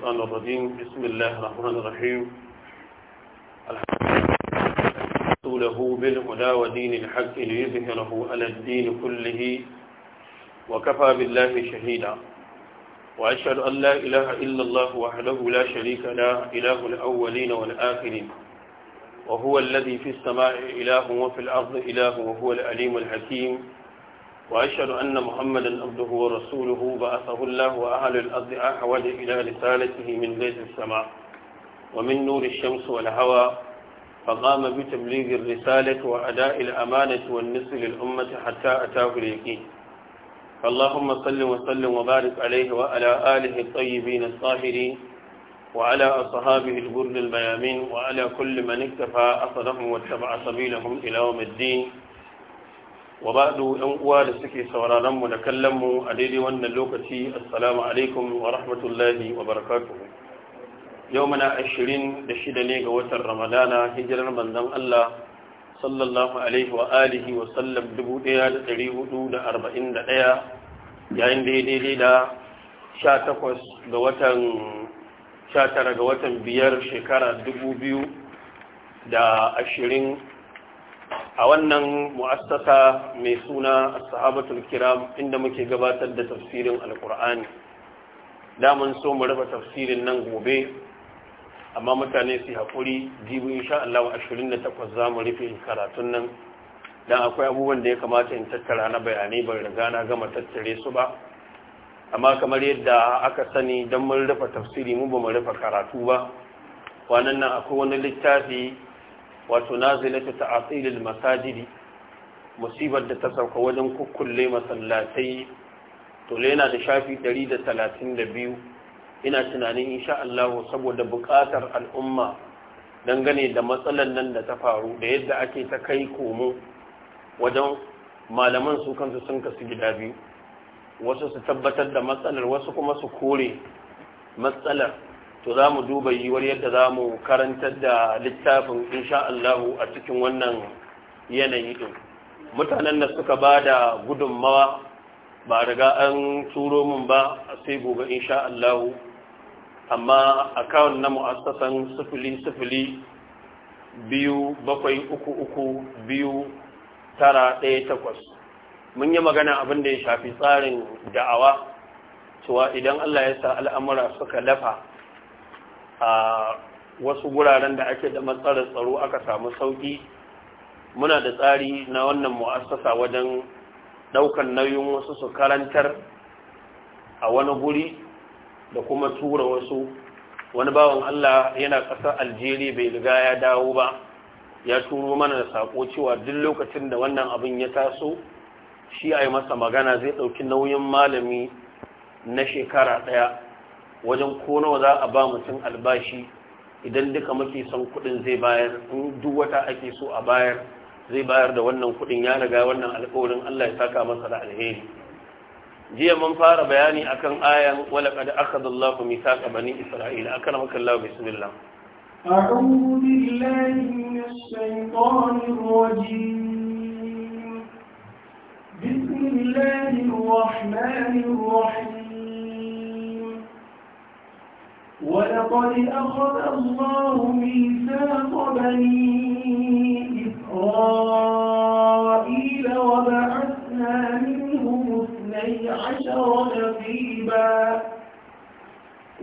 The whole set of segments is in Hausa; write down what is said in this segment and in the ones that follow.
الشيطان الرجيم بسم الله الرحمن الرحيم الحمد رسوله بالهدى ودين الحق ليظهره على الدين كله وكفى بالله شهيدا وأشهد أن لا إله إلا الله وحده لا شريك له إله الأولين والآخرين وهو الذي في السماء إله وفي الأرض إله وهو الأليم الحكيم وأشهد أن محمدا عبده ورسوله بعثه الله وأهل الأرض أحوج إلى رسالته من بيت السماء ومن نور الشمس والهوى فقام بتبليغ الرسالة وأداء الأمانة والنصر للأمة حتى أتاه اليقين اللهم صل وسلم وبارك عليه وعلى آله الطيبين الطاهرين وعلى أصحابه الغر الميامين وعلى كل من اكتفى أثرهم واتبع سبيلهم إلى يوم الدين wa ba'du yan uwa da suke sauraron mu da kallon mu a daidai wannan lokaci assalamu alaikum wa rahmatullahi wa barakatu yau muna ashirin da shida ne ga watan ramadana hijirar manzon Allah sallallahu alaihi wa alihi wa sallam dubu ɗaya da ɗari hudu da arba'in da ɗaya yayin daidai da sha takwas ga watan sha tara ga watan biyar shekara dubu biyu da ashirin a wannan mu'assasa mai suna sahabatul kiram inda muke gabatar da tafsirin alkur'ani damun so mu raba tafsirin nan gobe amma mutane su haƙuri jibi insha Allah 28 za mu rufe karatun nan dan akwai abubuwan da ya kamata in tattara na bayanai ban riga na gama tattare su ba amma kamar yadda aka sani dan mun rufe tafsiri mu ba mu rufe karatu ba kwanan nan akwai wani littafi wato nazilatu ta'atilil masajidi musibar da ta sauka wajen kukkulle masallatai to yana da shafi 132 ina tunanin insha Allah saboda buƙatar al'umma dangane da matsalan nan da ta faru da yadda ake ta kai komo wajen malaman su kansu sun kasu gida biyu wasu su tabbatar da matsalar wasu kuma su kore matsalar to za mu duba yiwuwar yadda za mu karantar da littafin insha a cikin wannan yanayi ɗin mutanen da suka ba da gudunmawa ba riga an turo min ba sai gobe insha Allahu amma kawon na mu'assasan sifili sifili biyu bakwai uku uku biyu tara ɗaya takwas mun yi magana abin da ya shafi tsarin da'awa cewa idan Allah ya sa al'amura suka lafa a wasu wuraren da ake da matsalar tsaro aka samu sauki muna da tsari na wannan mu'assasa wajen daukan nauyin wasu su karantar a wani guri da kuma tura wasu wani bawan Allah yana ƙasar Algeria bai riga ya dawo ba ya turo mana da sako cewa duk lokacin da wannan abin ya taso shi a yi masa magana zai ɗauki nauyin malami na shekara ɗaya wajen ko nawa za a ba mutum albashi idan duka muke son kuɗin zai bayar in duk wata ake so a bayar zai bayar da wannan kuɗin ya riga wannan alƙawarin Allah ya saka masa da alheri jiya mun fara bayani akan ayan qad akhadallahu mithaqa bani isra'ila akan makallahu bismillah a'udhu billahi بسم الله الرحمن الرحيم ولقد أخذ الله ميثاق بني إسرائيل وبعثنا منهم اثني عشر نقيبا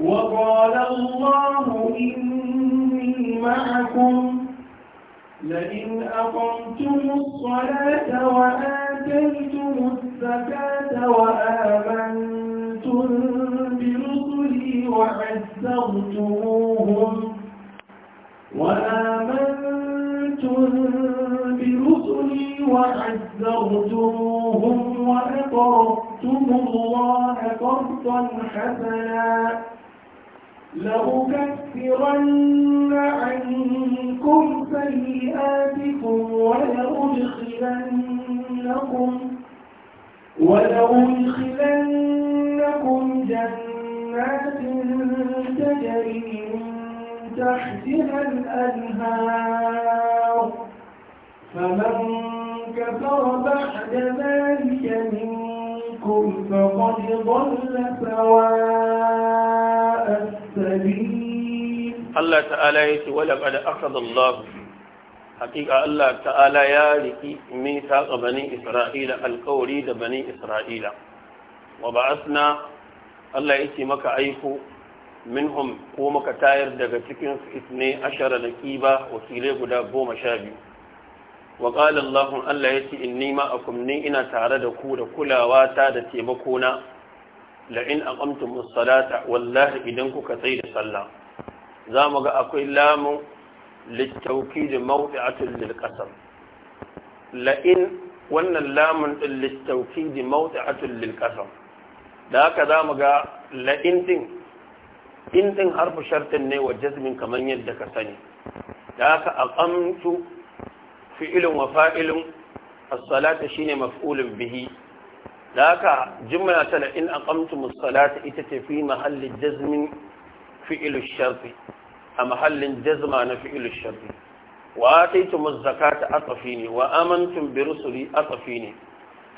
وقال الله إني معكم لئن أقمتم الصلاة وآتيتم الزكاة وآمنتم برسلي وعزيزي استكثرتموهم وآمنتم برسلي وعزرتموهم وأقرضتم الله قرضا حسنا لأكفرن عنكم سيئاتكم ولأدخلنكم ولأدخلنكم جنات جنات تجري من تحتها الأنهار فمن كفر بعد ذلك منكم فقد ضل سواء السبيل الله تعالى يتي ولقد أخذ الله حقيقة الله تعالى يالك ميثاق بني إسرائيل القولي بني إسرائيل وبعثنا Allah yake maka aiko minhum ko maka tayar daga cikin isne ashara da kiba wakilai guda goma sha biyu wa qala Allah Allah in inni a ni ina tare da ku da kulawa ta da taimakona na la in salata wallahi idan kuka tsaya da sallah za mu ga akwai lamun littauki da mawdi'atul lil qasam la in wannan lamun din littauki da a ƙasar. da haka za mu ga la'in ɗin in ɗin harfi shartin ne wa jazmin kamar yadda ka sani da haka a ƙamtu fi'ilin wa fa'ilin as-salata shine maf'ulin bihi da haka jimla ta la'in a ƙamtu salata ita ce fi mahallin jazmin fi'ilin sharfi a mahallin jazma na fi'ilin sharfi wa ataitu muzzakata atafi ne wa amantum bi rusuli atafi ne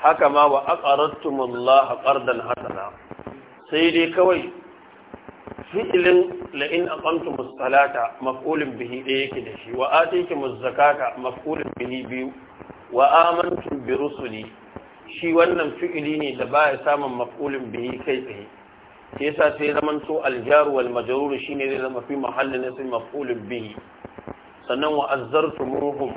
haka ma wa aqarattumullah qardan hasana sai dai kawai fi'ilin la in aqamtumus salata maf'ulun bihi da yake da shi wa atikumuz zakata maf'ulun bihi biyu wa amantum bi rusuli shi wannan fi'ili ne da baya samun maf'ulun bihi kai tsaye sai yasa sai zaman to aljaru wal majrur shine zai zama fi mahallin nasin maf'ulun bihi sannan wa azzartumuhum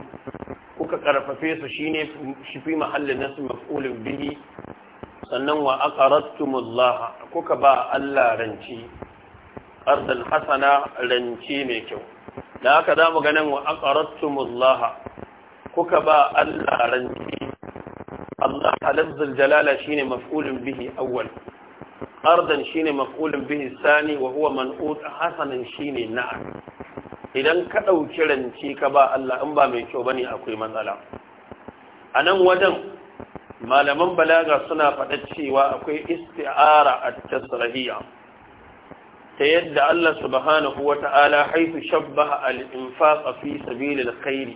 kuka karfafe su shine shi fi mahallin nasu maf'ulin bihi sannan wa aqarattumullah kuka ba Allah ranci ardan hasana ranci mai kyau da haka zamu ganin nan wa aqarattumullah kuka ba Allah ranci Allah lafzul jalala shine maf'ulun bihi awwal ardan shine maf'ulun bihi sani wa huwa man'ut hasanan shine na'am idan ka dauki rance ka ba Allah in ba mai kyau bane akwai matsala a nan wajen malaman balaga suna faɗa cewa akwai isti'ara at-tasrahiyya ta yadda Allah subhanahu wata'ala haifu shabbaha al-infaq fi sabilil khair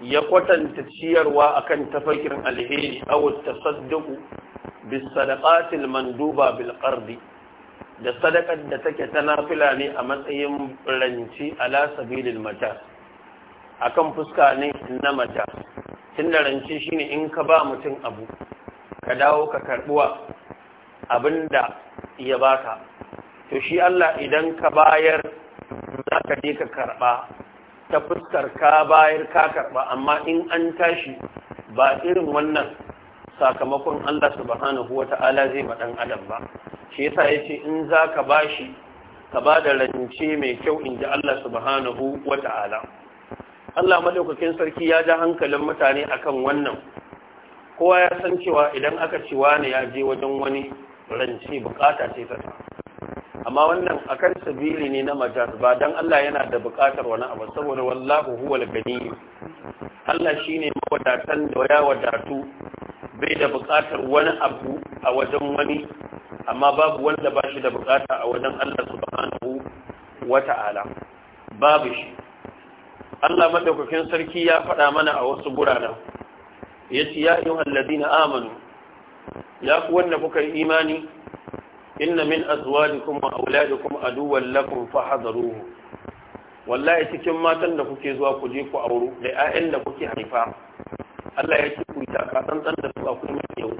ya kwatanta ciyarwa akan tafakin alheri aw at-tasadduq bis sadaqatil manduba bil da sadakar da take ta nafila ne a matsayin ranci ala sabilil mata akan fuska ne na majas tunda ranci shine in ka ba mutum abu ka dawo ka karbuwa abinda ya baka to shi Allah idan ka bayar za ka je ka karba ta fuskar ka bayar ka karba amma in an tashi ba irin wannan sakamakon Allah subhanahu wata'ala zai ma dan adam ba shi yasa yace in zaka bashi ka ba da rance mai kyau in ji Allah subhanahu wata'ala Allah madaukakin sarki ya ja hankalin mutane akan wannan kowa ya san cewa idan aka ci wani ya je wajen wani rance bukata ce ta amma wannan akan sabili ne na majas ba dan Allah yana da buƙatar wani abu saboda wallahu huwal gani Allah shine mawadatan da ya wadatu bai da buƙatar wani abu a wajen wani amma babu wanda ba shi da buƙata a wajen Allah subhanahu wata'ala babu shi Allah madaukakin sarki ya faɗa mana a wasu guraren yace ya ayyuhal ladina amanu ya ku wanda kuka yi imani inna min azwajikum wa auladikum aduwwan lakum fahadharuhu wallahi cikin matan da kuke zuwa ku je ku auro da ƴaƴan da kuke haifa Allah ya ce ku yi taka tsantsan da su a kuma yau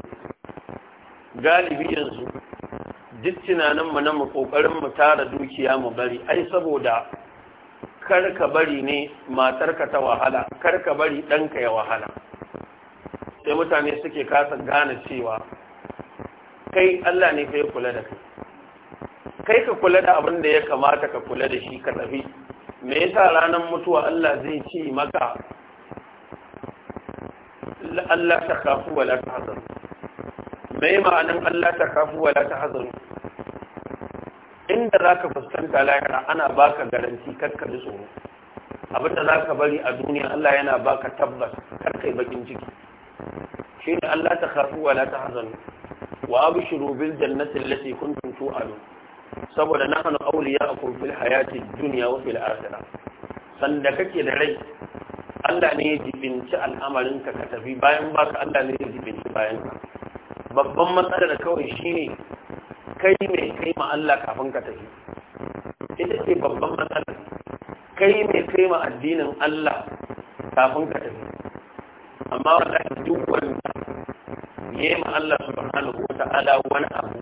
galibi yanzu duk tunanin mu na mu kokarin mu tara dukiya mu bari ai saboda kar ka bari ne matarka ta wahala kar ka bari ɗanka ya wahala sai mutane suke kasa gane cewa kai Allah ne kai kula da kai kai ka kula da abin da ya kamata ka kula da shi ka tafi me yasa ranar mutuwa Allah zai ci maka Allah ta kafu wala ta hazar ma'anin Allah ta kafu wala ta hazar inda zaka fuskanta lahira ana baka garanti karka ji tsoro abinda zaka bari a duniya Allah yana baka tabbas karka yi bakin ciki shine Allah ta khafu wa la tahzanu wa abshiru bil jannati allati kuntum tu'adun saboda nahnu awliya'ukum fil hayati dunya wa fil akhirah sanda kake da rai Allah ne ya jibinci al'amarin ka ka tafi bayan baka Allah ne ya jibinci bayan ka babban matsalar kawai shine kai mai kai ma Allah kafin ka tafi ita ce babban matsalar kai mai kai ma addinin Allah kafin ka tafi amma wallahi duk wanda ya Allah subhanahu wa ta'ala wani abu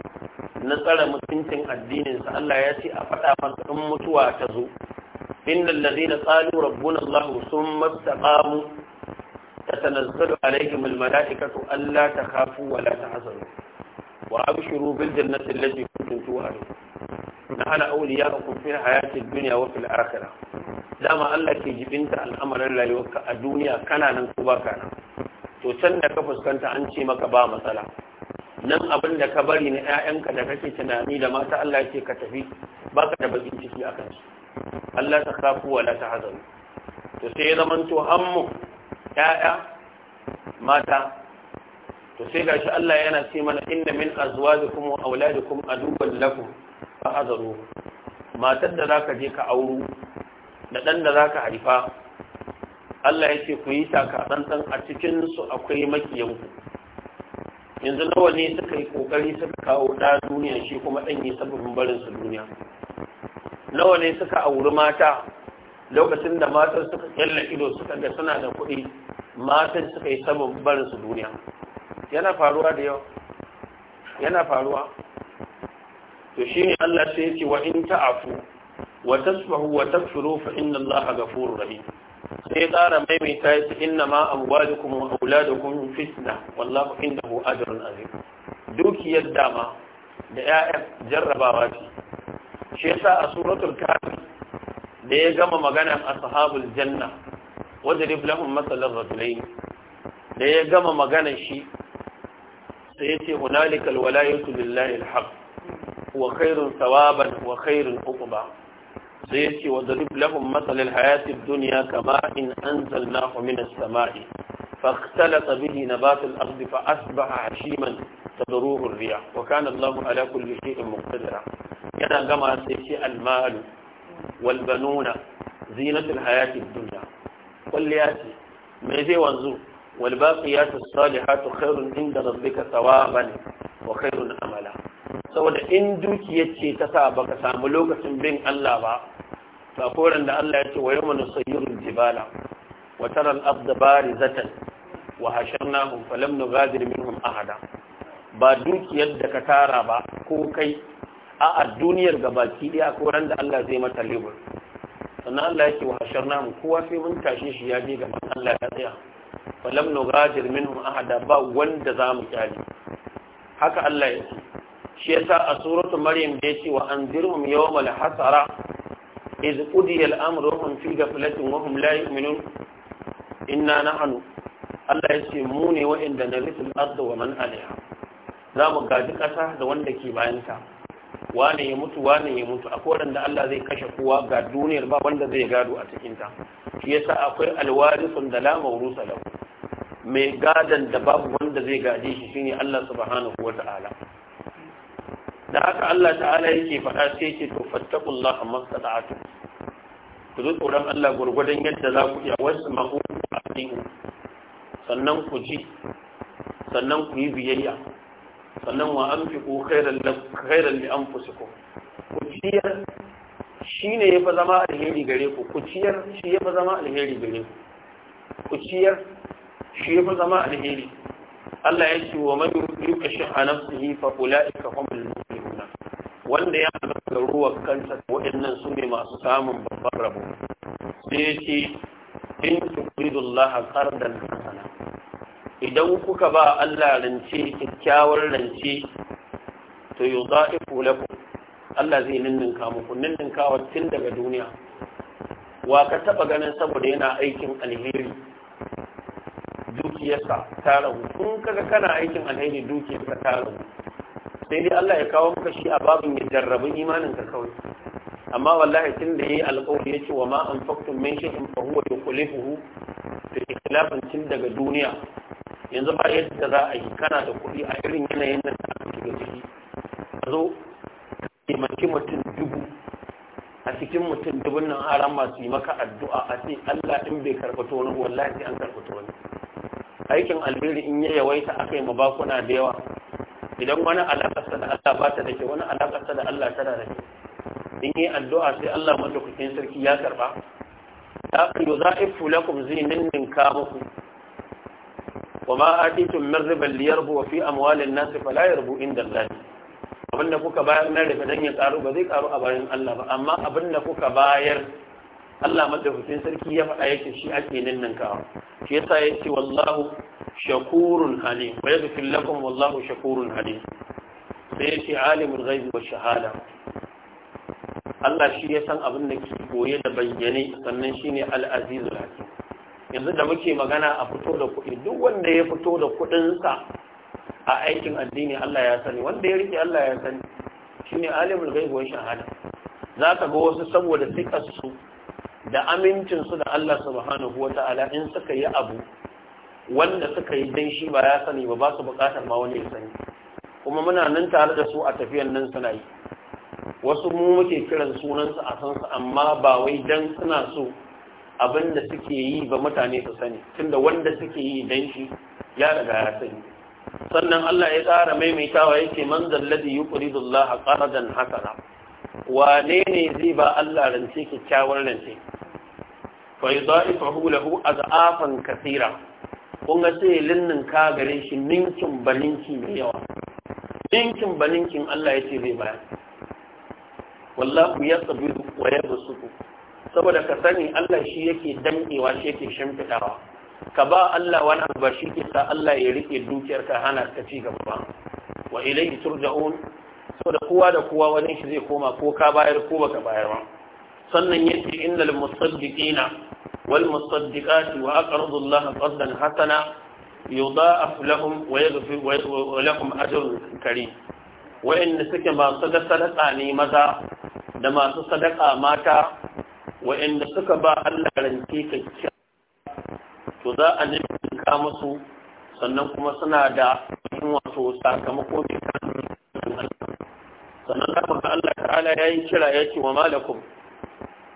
na tsara mutuncin sa Allah ya ce a faɗa masa in mutuwa ta zo inna allazina qalu rabbuna Allah thumma istaqamu tatanazzalu alaihim almalaikatu alla takhafu wa la tahzanu wa abshiru bil jannati allati kuntum tu'adun nahana awliya'ukum fil hayati dunya wa fil akhirah dama Allah ke jibinta al'amarin rayuwarka a duniya kana nan ko baka nan to can da ka fuskanta an ce maka ba matsala nan abin da ka bari na 'ya'yanka da kake tunani da mata Allah ce ka tafi baka da bakin ciki akan su Allah ta kafu wa la tahzan to sai ya zamanto hammu 'ya'ya mata to sai gashi Allah yana ce mana inna min azwajikum wa auladikum aduwwan lakum fa hazaru matar da zaka je ka auru da dan da zaka haifa Allah ya ce ku yi taka tsantsan a cikin su akwai makiyanku yanzu nawa ne suka yi kokari suka kawo da duniya shi kuma dan yi sabbin barin su duniya nawa ne suka auri mata lokacin da matar suka kyalla ido suka ga suna da kuɗi matan suka yi sabon barin su duniya yana faruwa da yawa yana faruwa to shine Allah sai ya ce wa in ta'afu wa tasfahu wa taghfiru fa inna Allaha ghafurur rahim sai tsara maimaita ya ce inna ma amwalukum wa auladukum fitna wallahu indahu ajrun azim dukiyar dama da ƴaƴan jarrabawa ce shi yasa a suratul kafir da ya gama maganar ashabul janna wajrib lahum masalan rajulain da ya gama magana shi سيتي هنالك الولاية لله الحق هو خير ثوابا وخير عقبا سيتي وضرب لهم مثل الحياة الدنيا كماء إن أنزلناه من السماء فاختلط به نبات الأرض فأصبح هشيما تدروه الرياح وكان الله على كل شيء مقتدرا كان كما سيتي المال والبنون زينة الحياة الدنيا واللياتي ما زي وانزو والباقيات الصالحات خير عند ربك ثوابا وخير amala. saboda in dukiya ce ta sa baka samu lokacin bin Allah ba ba koran da Allah ya ce wa yawma nusayyirul jibala wa tara al-ardha barizatan wa hasharnahum falam nughadir minhum ahada ba dukiyar da ka tara ba ko kai a a duniyar gabaki daya koran da Allah zai mata lebur sannan Allah ya ce wa hasharnahum kowa sai mun tashe shi ya je ga Allah ya tsaya falam nugajir minhum ahada ba wanda zamu kyale haka Allah ya ce shi yasa a suratu maryam da yace wa anzirhum yawmal hasara iz qudiya al-amru hum fi ghaflatin wa hum la yu'minun inna nahnu Allah ya ce mu ne wa'inda narisul ardu wa man alaiha zamu gaji kasa da wanda ke bayanta wane ya mutu wane ya mutu akwai wanda Allah zai kashe kowa ga duniyar ba wanda zai gado a cikin ta shi yasa akwai alwarisun da la mawrusa lahu mai gadan da babu wanda zai gaje shi shine Allah subhanahu wata'ala da haka Allah ta'ala yake faɗa sai yake to fattaqullaha mastata'atu ku zo tsoron Allah gurgurdan yadda za ku iya wasu ma'u sannan ku ji sannan ku yi biyayya sannan wa an fiku khairan li an fusiku ku ciyar shi ne ya fi zama alheri gare ku ku ciyar shi ya fi zama alheri gare ku ku ciyar shi ya fi zama alheri Allah ya ce wa man yuka shi a nafsihi fa ulaika humul muflihuna wanda ya ga ruwa kansa ko waɗannan su ne masu samun babban rabo sai ya ce in turidu Allah qardan hasana idan kuka ba Allah rance kyakkyawar rance to yau kula ku? Allah zai ninninka muku ninninkawa tun daga duniya wa ka taɓa ganin saboda yana aikin alheri dukiyarsa ta ragu kun kaga kana aikin alheri dukiyarsa ta ragu sai dai Allah ya kawo maka shi a babin ya jarrabi imanin ka kawai amma wallahi tun da yayi alƙawari ce wa ma anfaqtum min shay'in fa huwa yukhlifuhu ke ikhlafin tun daga duniya yanzu ba yadda za a yi kana da kuɗi a irin yanayin da ta ga ciki a zo taimaki mutum dubu a cikin mutum dubun nan aran masu yi maka addu'a a ce Allah in bai karɓi wani wallahi an karɓi wani aikin alheri in ya yawaita aka yi mabakuna da yawa idan wani alaƙarsa da Allah ba ta da ke wani alaƙarsa da Allah tana da ke in yi addu'a sai Allah madaukakin sarki ya karɓa ta ƙiyo za a yi fulakun zai ninninka muku wa ma atitum min riban liyarbu fi amwalin nas fala yarbu inda Allah abinda kuka bayar na riba dan ya karu ba zai karu a bayan Allah ba amma abinda kuka bayar Allah madaukakin sarki ya faɗa yake shi ake nan kawo shi yasa yace wallahu shakurun halim wa yaghfir lakum wallahu shakurun halim sai yace alimul ghaibi wa shahada Allah shi ya san abin da ke koye da bayyane sannan shine al-azizul hakim yanzu da muke magana a fito da kuɗi duk wanda ya fito da kuɗinsa a aikin addini Allah ya sani wanda ya rike Allah ya sani shine alimul gaibuwar wa shahada ka ga wasu saboda sikarsu da amincin su da Allah subhanahu ta'ala in suka yi abu wanda suka yi dan shi ba ya sani ba ba su bukatar ma wani ya sani kuma muna nan tare da su a tafiyan nan suna yi wasu mu muke kiran sunansu a sansu amma ba wai dan suna so abin da suke yi ba mutane su sani tunda wanda suke yi dan shi ya riga ya sani sannan Allah ya tsara maimaitawa yake man zalladi yuqridullaha qaradan hasana wane ne zai ba Allah rance kyakkyawar rance fa yudaifahu a az'afan kathira kun ga sai linnin ka gare shi ninkin baninki mai yawa ninkin baninkin Allah yace zai bayar wallahu yasbiru wa yabsutu saboda ka sani Allah shi yake danƙewa shi yake shimfiɗawa ka ba Allah wani abu ba shi ke sa Allah ya riƙe dukiyar ka hana ka ci gaba wa ilayhi turja'un saboda kowa da kowa wajen shi zai koma ko ka bayar ko baka bayar ba sannan yace innal musaddiqina wal musaddiqati wa aqradu Allah qardan hasana yudha'af lahum wa yaghfir lahum ajrun karim wa'inda suke masu da sadaka ne maza da masu sadaka mata Wa'inda suka ba Allah rance kyakkyawa to za a ninka musu sannan kuma suna da yin wato sakamako mai kan sannan za mu Allah ta'ala ya yi kira ya ce wa malakum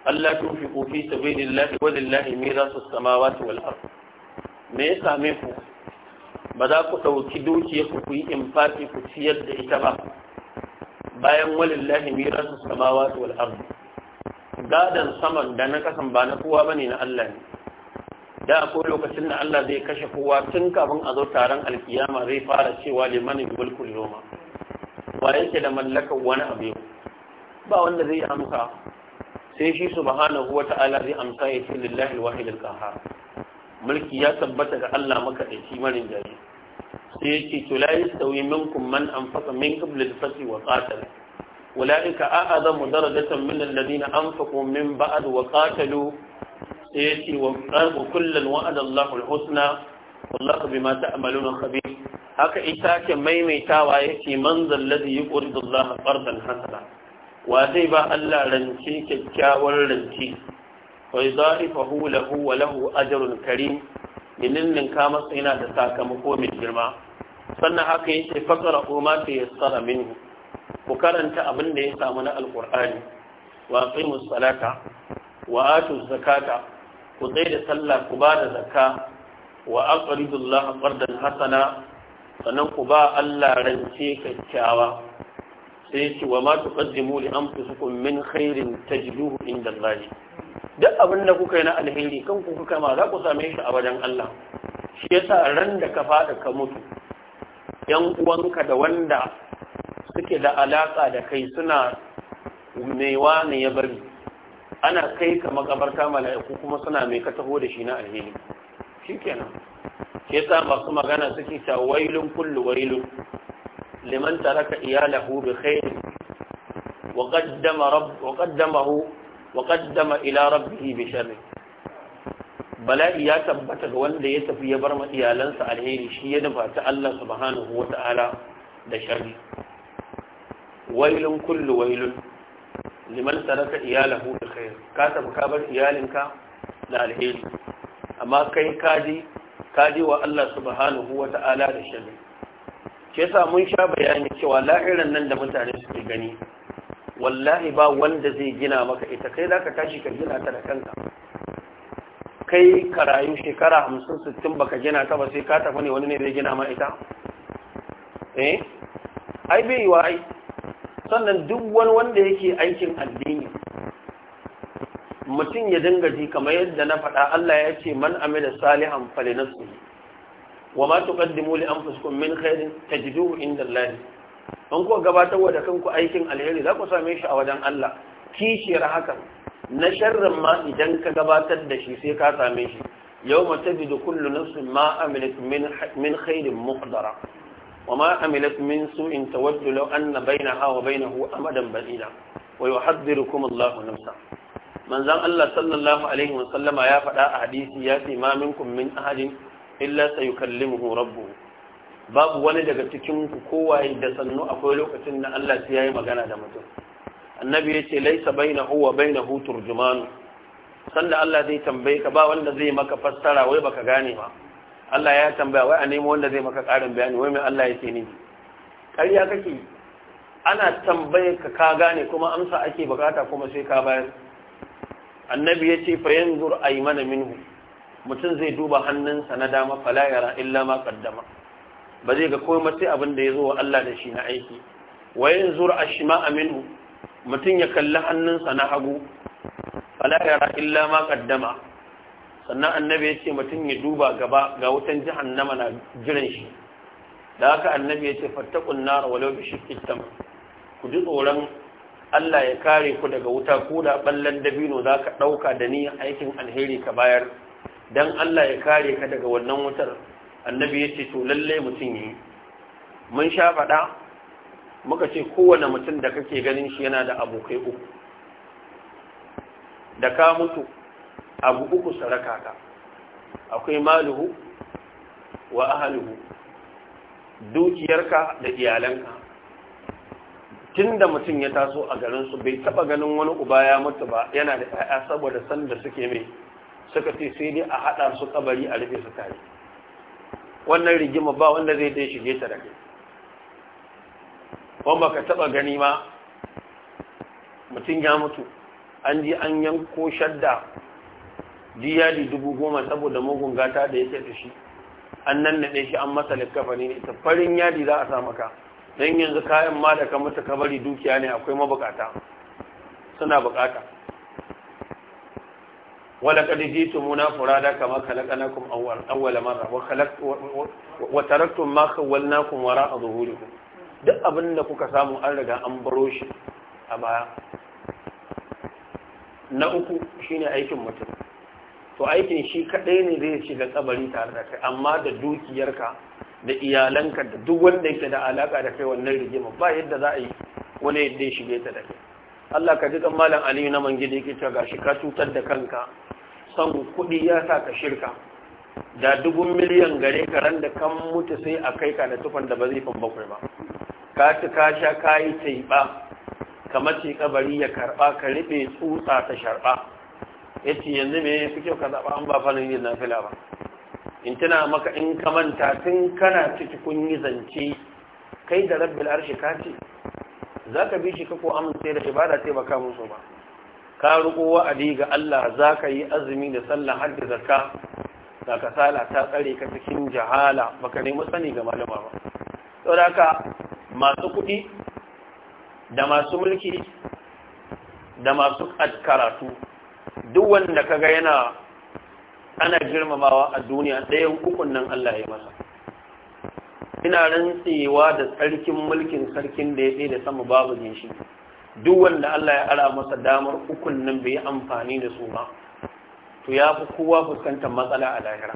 Allah tufi kofi da sabilillahi wa lillahi mirasu samawati wal ard me ya same ku ba za ku ɗauki dukiyar ku yi infaki ku ciyar da ita ba bayan walillahi mirasu samawati wal ard gadan saman da na kasan ba na kowa bane na Allah ne da akwai lokacin da Allah zai kashe kowa tun kafin a zo taron alkiyama zai fara cewa limanin bulkul yoma wa yake da mallakar wani abu ba wanda zai amsa sai shi subhanahu ta'ala zai amsa ya ce lillahi al alqahar mulki ya tabbata ga Allah maka da shi marin jari sai yake to la yastawi minkum man anfaqa min qabl al-fath wa qatala ulaika a'azamu darajatan min an anfaqu min ba'd wa qatalu sayati wa kullan wa'ada Allahu al-husna wallahu bima ta'maluna khabir haka ita ce maimaitawa yake man zallazi yuqridu Allah qardan hasana wa zai ba Allah ranci kyakkyawar ranci wa yudha'ifahu lahu wa lahu ajarun karim minnin ka masa yana da sakamako mai girma sannan haka yake faqra ma ta tsara mini. ku karanta abin da ya samu na alkur'ani wa qimu salata wa atu zakata ku tsaye da sallah ku ba da zakka wa aqridu Allah qardan hasana sannan ku ba Allah rance kyakkyawa sai ce wa ma tuqaddimu li anfusikum min khairin tajiduhu inda Allah duk abin da kuka yi na alheri kan ku kuka ma za ku same shi a wajen Allah shi yasa ran da ka fada ka mutu yan uwanka da wanda suke da alaƙa da kai suna maiwa ne ya bari ana kai ka makabarta mala'iku kuma suna mai ka taho da shi na alheri shikenan ke sa masu magana suke ta wailun kullu wailun liman taraka ka bi khair wa qaddama rabb wa qaddamahu wa ila bi shari bala'i ya tabbata ga wanda ya tafi ya bar ma iyalansa alheri shi ya nufa ta Allah subhanahu Ta'ala da sharri wailun kullu wailun liman taraka iyalahu da khair ka tafi ka bar iyalinka da alheri amma kai kaji kaji wa Allah subhanahu wa ta'ala da shari ke sa mun sha bayani cewa la'iran nan da mutane suke gani wallahi ba wanda zai gina maka ita kai zaka tashi ka gina ta da kanka kai ka rayu shekara 50 60 baka gina ta ba sai ka tafi ne wani ne zai gina ma ita eh ai bai yi wa ai sannan duk wani wanda yake aikin addini mutum ya dinga ji kamar yadda na faɗa Allah ya ce man amila salihan falinasku wa ma tuqaddimu li anfusikum min khairin tajiduhu inda Allah an ku gabatar wa da kanku aikin alheri za ku same shi a wajen Allah kishiyar hakan na sharrin ma idan ka gabatar da shi sai ka same shi yawma tajidu kullu nafsin ma amilat min khairin muqdara وما عملت من سوء تود لو أن بينها وبينه أمدا بعيدا ويحذركم الله نفسه من زم الله صلى الله عليه وسلم يا فدا أحاديث ياتي ما منكم من أحد إلا سيكلمه ربه babu wani daga cikinku kowaye da sannu akwai lokacin da Allah ya yi magana da mutum annabi yace laisa bainahu wa bainahu turjumanu sanda Allah zai tambaye ka ba wanda zai maka fassara wai baka gane ba Allah ya tambaya wai a nemo wanda zai maka ƙarin bayani wai mai Allah ya ce ne ƙarya kake ana tambaye ka ka gane kuma amsa ake bukata kuma sai ka bayar annabi ya ce fa yanzur aymana minhu mutum zai duba hannunsa na dama fala yara illa ma qaddama ba zai ga komai sai abin da ya zo wa Allah da shi na aiki wa yanzur ashma'a minhu mutum ya kalli hannunsa na hagu fala yara illa ma qaddama sannan annabi ya ce mutum ya duba gaba ga wutan jahannama na jiran shi da haka annabi ya ce fattakun na walau bi shi tamar ku ji tsoron Allah ya kare ku daga wuta ko da ballan dabino za ka ɗauka da ni aikin alheri ka bayar don Allah ya kare ka daga wannan wutar annabi ya ce to lallai mutum yi mun sha faɗa muka ce kowane mutum da kake ganin shi yana da abokai uku da ka mutu abu uku saraka ka akwai maluhu wa ahaluhu dukiyarka da iyalanka tun da mutum ya taso a garinsu bai taba ganin wani uba ya mutu ba yana da ɗaya saboda sanda suke mai suka ce sai dai a haɗa su kabari a rufe su tare wannan rigima ba wanda zai dai shige ta da kai wanda ka taba gani ma mutum ya mutu an ji an yanko shadda diyadi dubu goma saboda mugun gata da yake da shi an nan naɗe shi an masa likafani ne ta farin yadi za a sa maka don yanzu kayan ma da ka mutu ka bari dukiya ne akwai mabukata suna bukata wala kad jitu na furada kama khalaqnakum awwal awwal marra wa khalaq wa taraktum ma khawalnakum wara'a zuhurikum duk abin da kuka samu an riga an baro shi a baya na uku shine aikin mutum to aikin shi kaɗai ne zai shiga tsabari tare da kai amma da dukiyarka da iyalanka da duk wanda yake da alaka da kai wannan rigima ba yadda za a yi wani yadda ya shige ta da kai Allah ka ji kan malam Aliyu na gida yake cewa gashi ka cutar da kanka san kuɗi ya sa ka shirka da dubun miliyan gare ka ran da kan mutu sai a kai ka da tufan da ba zai fan bakwai ba ka ci ka sha ka yi taiba kamar ce kabari ya karɓa ka riɓe tsutsa ta sharɓa. yace yanzu me ya fi kyau ka zaba an ba falin yin nafila ba in tana maka in ka manta tun kana ciki kun yi zance kai da rabbil arshi ka ce za ka bi shi kako amince da ibada ce baka musu ba ka riƙo wa'adi ga Allah za ka yi azumi da sallah har da zakka da kasala ta tsare ka cikin jahala ka nemi sani ga malama ba saboda masu kuɗi da masu mulki da masu karatu duk wanda kaga yana ana girmamawa a duniya ɗayan ukun nan Allah ya masa ina rantsewa da sarkin mulkin sarkin da ya tsaye da sama babu jin shi duk wanda Allah ya ara masa damar ukun nan bai amfani da su ba to ya fi kowa fuskantar matsala a lahira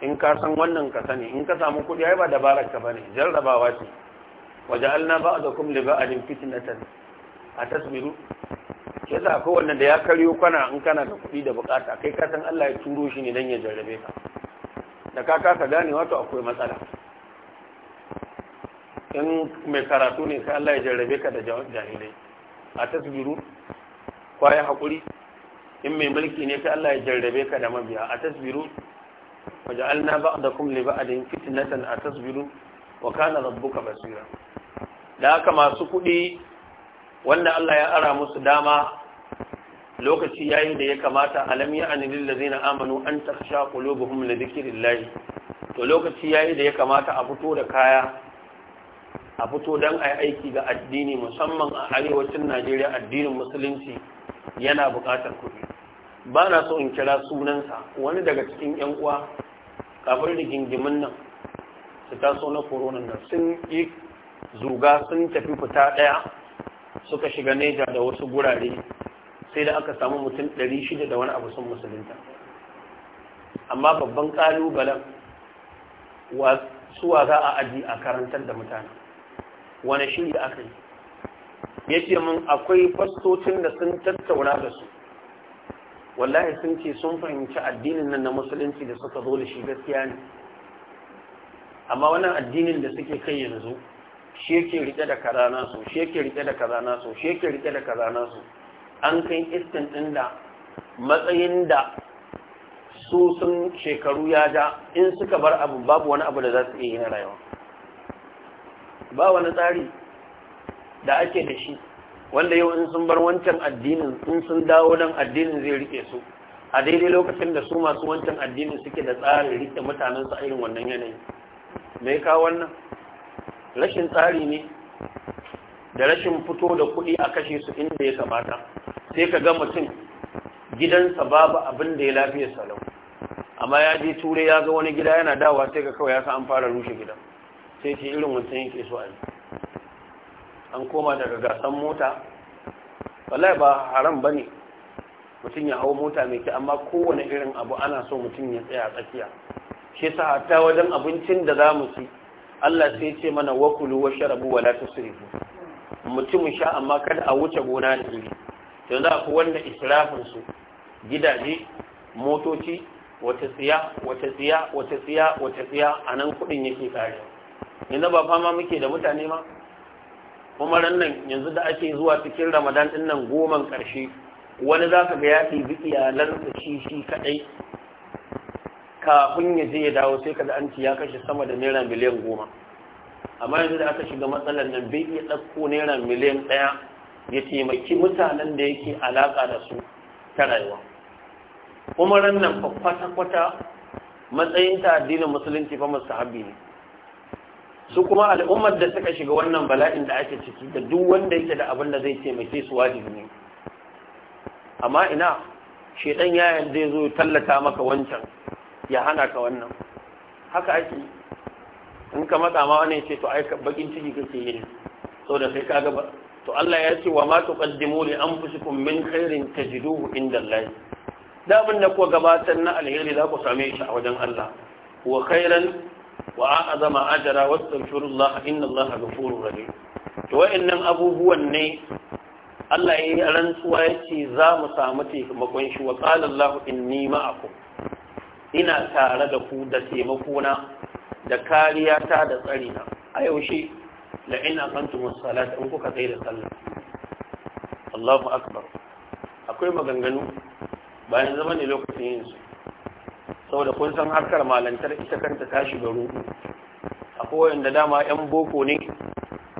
in ka san wannan ka sani in ka samu kuɗi ai ba dabarar ka bane jarrabawa ce waje alna ba'dakum li ba'din fitnatan a tasbiru ke sa akwai wannan da ya karyo kana in kana da kuɗi da bukata kai ka san Allah ya turo shi ne don ya jarrabe ka da ka kasa gane wato akwai matsala in mai karatu ne sai Allah ya jarrabe ka da jahilai a tasbiru kwaya haƙuri in mai mulki ne sai Allah ya jarrabe ka da mabiya a tasbiru waja'alna ba'dakum li ba'din fitnatan a tasbiru wa kana rabbuka basira da haka masu kuɗi wanda Allah ya ara musu dama lokaci yayin da ya kamata alam ya anil ladina amanu an takhsha qulubuhum li dhikrillah to lokaci yayin da ya kamata a fito da kaya a fito dan ai aiki ga addini musamman a arewacin Najeriya addinin musulunci yana buƙatar kuɗi ba na so in kira sunansa wani daga cikin yan uwa kafin rigingimin nan su taso na corona nan sun yi zuga sun tafi fita ɗaya suka shiga neja da wasu gurare sai da aka samu mutum 600 da wani abu sun musulunta amma babban ƙalubalen suwa za a aji a karantar da mutane wani shiri aka yi ya ce min akwai fastocin da sun tattauna da su wallahi sun ce sun fahimci addinin nan na musulunci da suka zo da shi gaskiya ne amma wannan addinin da suke kai yanzu shi yake rike da kaza su shi yake rike da kaza su shi yake rike da kaza su an kai istin din da matsayin da su sun shekaru ya ja in suka bar abu babu wani abu da za su iya yi na rayuwa ba wani tsari da ake da shi wanda yau in sun bar wancan addinin in sun dawo nan addinin zai rike su a daidai lokacin da su masu wancan addinin suke da tsarin rike mutanensu a irin wannan yanayi me kawo wannan rashin tsari ne da rashin fito da kuɗi a kashe su inda ya kamata sai ka ga mutum gidansa babu abin da ya lafiya salau amma ya je turai ya ga wani gida yana dawa sai ka kawai ya sa an fara rushe gidan sai ce irin wancan yake so a yi an koma daga gasan mota wallahi ba haram ba ne mutum ya hau mota mai ke amma kowane irin abu ana so mutum ya tsaya tsakiya shi sa hatta wajen abincin da za mu ci Allah sai ce mana wakulu wa sharabu wa la tusrifu mutum sha amma kada a wuce gona da iri yanzu akwai wanda israfin su gidaje motoci wata tsiya wata tsiya wata tsiya wata tsiya a nan kuɗin yake kare yanzu ba fama muke da mutane ma kuma nan yanzu da ake zuwa cikin ramadan din nan goman karshe wani za ka ga ya ɗibi iyalansa shi shi kaɗai kafin ya je ya dawo sai kada an ci ya kashe sama da naira miliyan goma amma yanzu da aka shiga matsalar nan bai iya ɗauko naira miliyan ɗaya ya taimaki mutanen da yake alaƙa da su ta rayuwa umaran nan kwata-kwata matsayin ta addinin musulunci fa masu habi ne su kuma al'ummar da suka shiga wannan bala'in da ake ciki da duk wanda yake da abin da zai taimake su wajibi ne amma ina shedan ya yarda ya zo tallata maka wancan ya hana ka wannan haka ake in ka matsa ma wani ce to ai bakin ciki kake yi da sai ka ga ba. to Allah ya ce wa ma tuqaddimu li anfusikum min khairin tajiduhu inda Allah da abin da ku gabatar na alheri za ku same shi a wajen Allah wa khairan wa a'zama ajra wa astaghfirullah inna Allah ghafurur rahim to wa'annan abubuwan ne Allah ya yi rantsuwa ya ce za mu samu taimakon shi wa qala Allah inni ma'akum ina tare da ku da taimako na da kariya ta da tsari na a yaushe da ina kantum salat in kuka tsaye da sallah Allahu akbar akwai maganganu bayan zama ne lokacin yin su saboda kun san harkar malantar ita kanta ta shiga ruɗu akwai wanda dama yan boko ne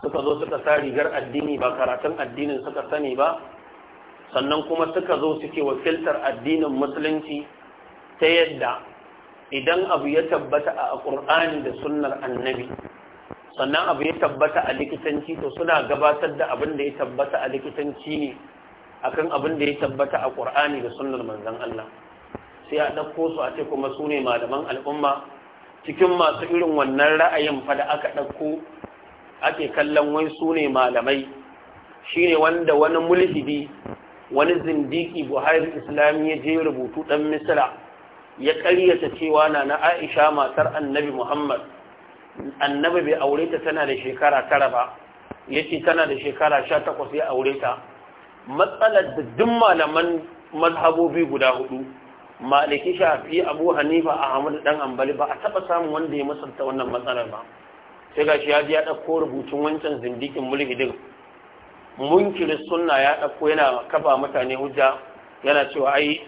suka zo suka sa rigar addini ba karatun addinin suka sani ba sannan kuma suka zo suke wakiltar addinin musulunci ta yadda idan abu ya tabbata a ƙur'ani da sunnar annabi sannan abu ya tabbata a likitanci to suna gabatar da abin da ya tabbata a likitanci ne a kan abin da ya tabbata a ƙur'ani da sunnar Manzan Allah sai a ɗauko su a ce kuma su ne malaman al'umma cikin masu irin wannan ra'ayin fa da aka ɗauko ake kallon wai su ne malamai shi ne wanda wani mulhidi wani zindiki buhari islami ya je rubutu ɗan misira ya ƙaryata cewa na na aisha matar annabi muhammad annabi bai aure ta tana da shekara tara ba ya ce tana da shekara sha takwas ya aure ta matsalar da duk malaman mazhabobi guda hudu maliki shafi abu hanifa hamadu dan ambali ba a taɓa samun wanda ya masanta wannan matsalar ba sai ga shi ya ji ya ɗauko rubutun wancan zindikin mulhidin munkirin sunna ya ɗauko yana kafa mutane hujja yana cewa ai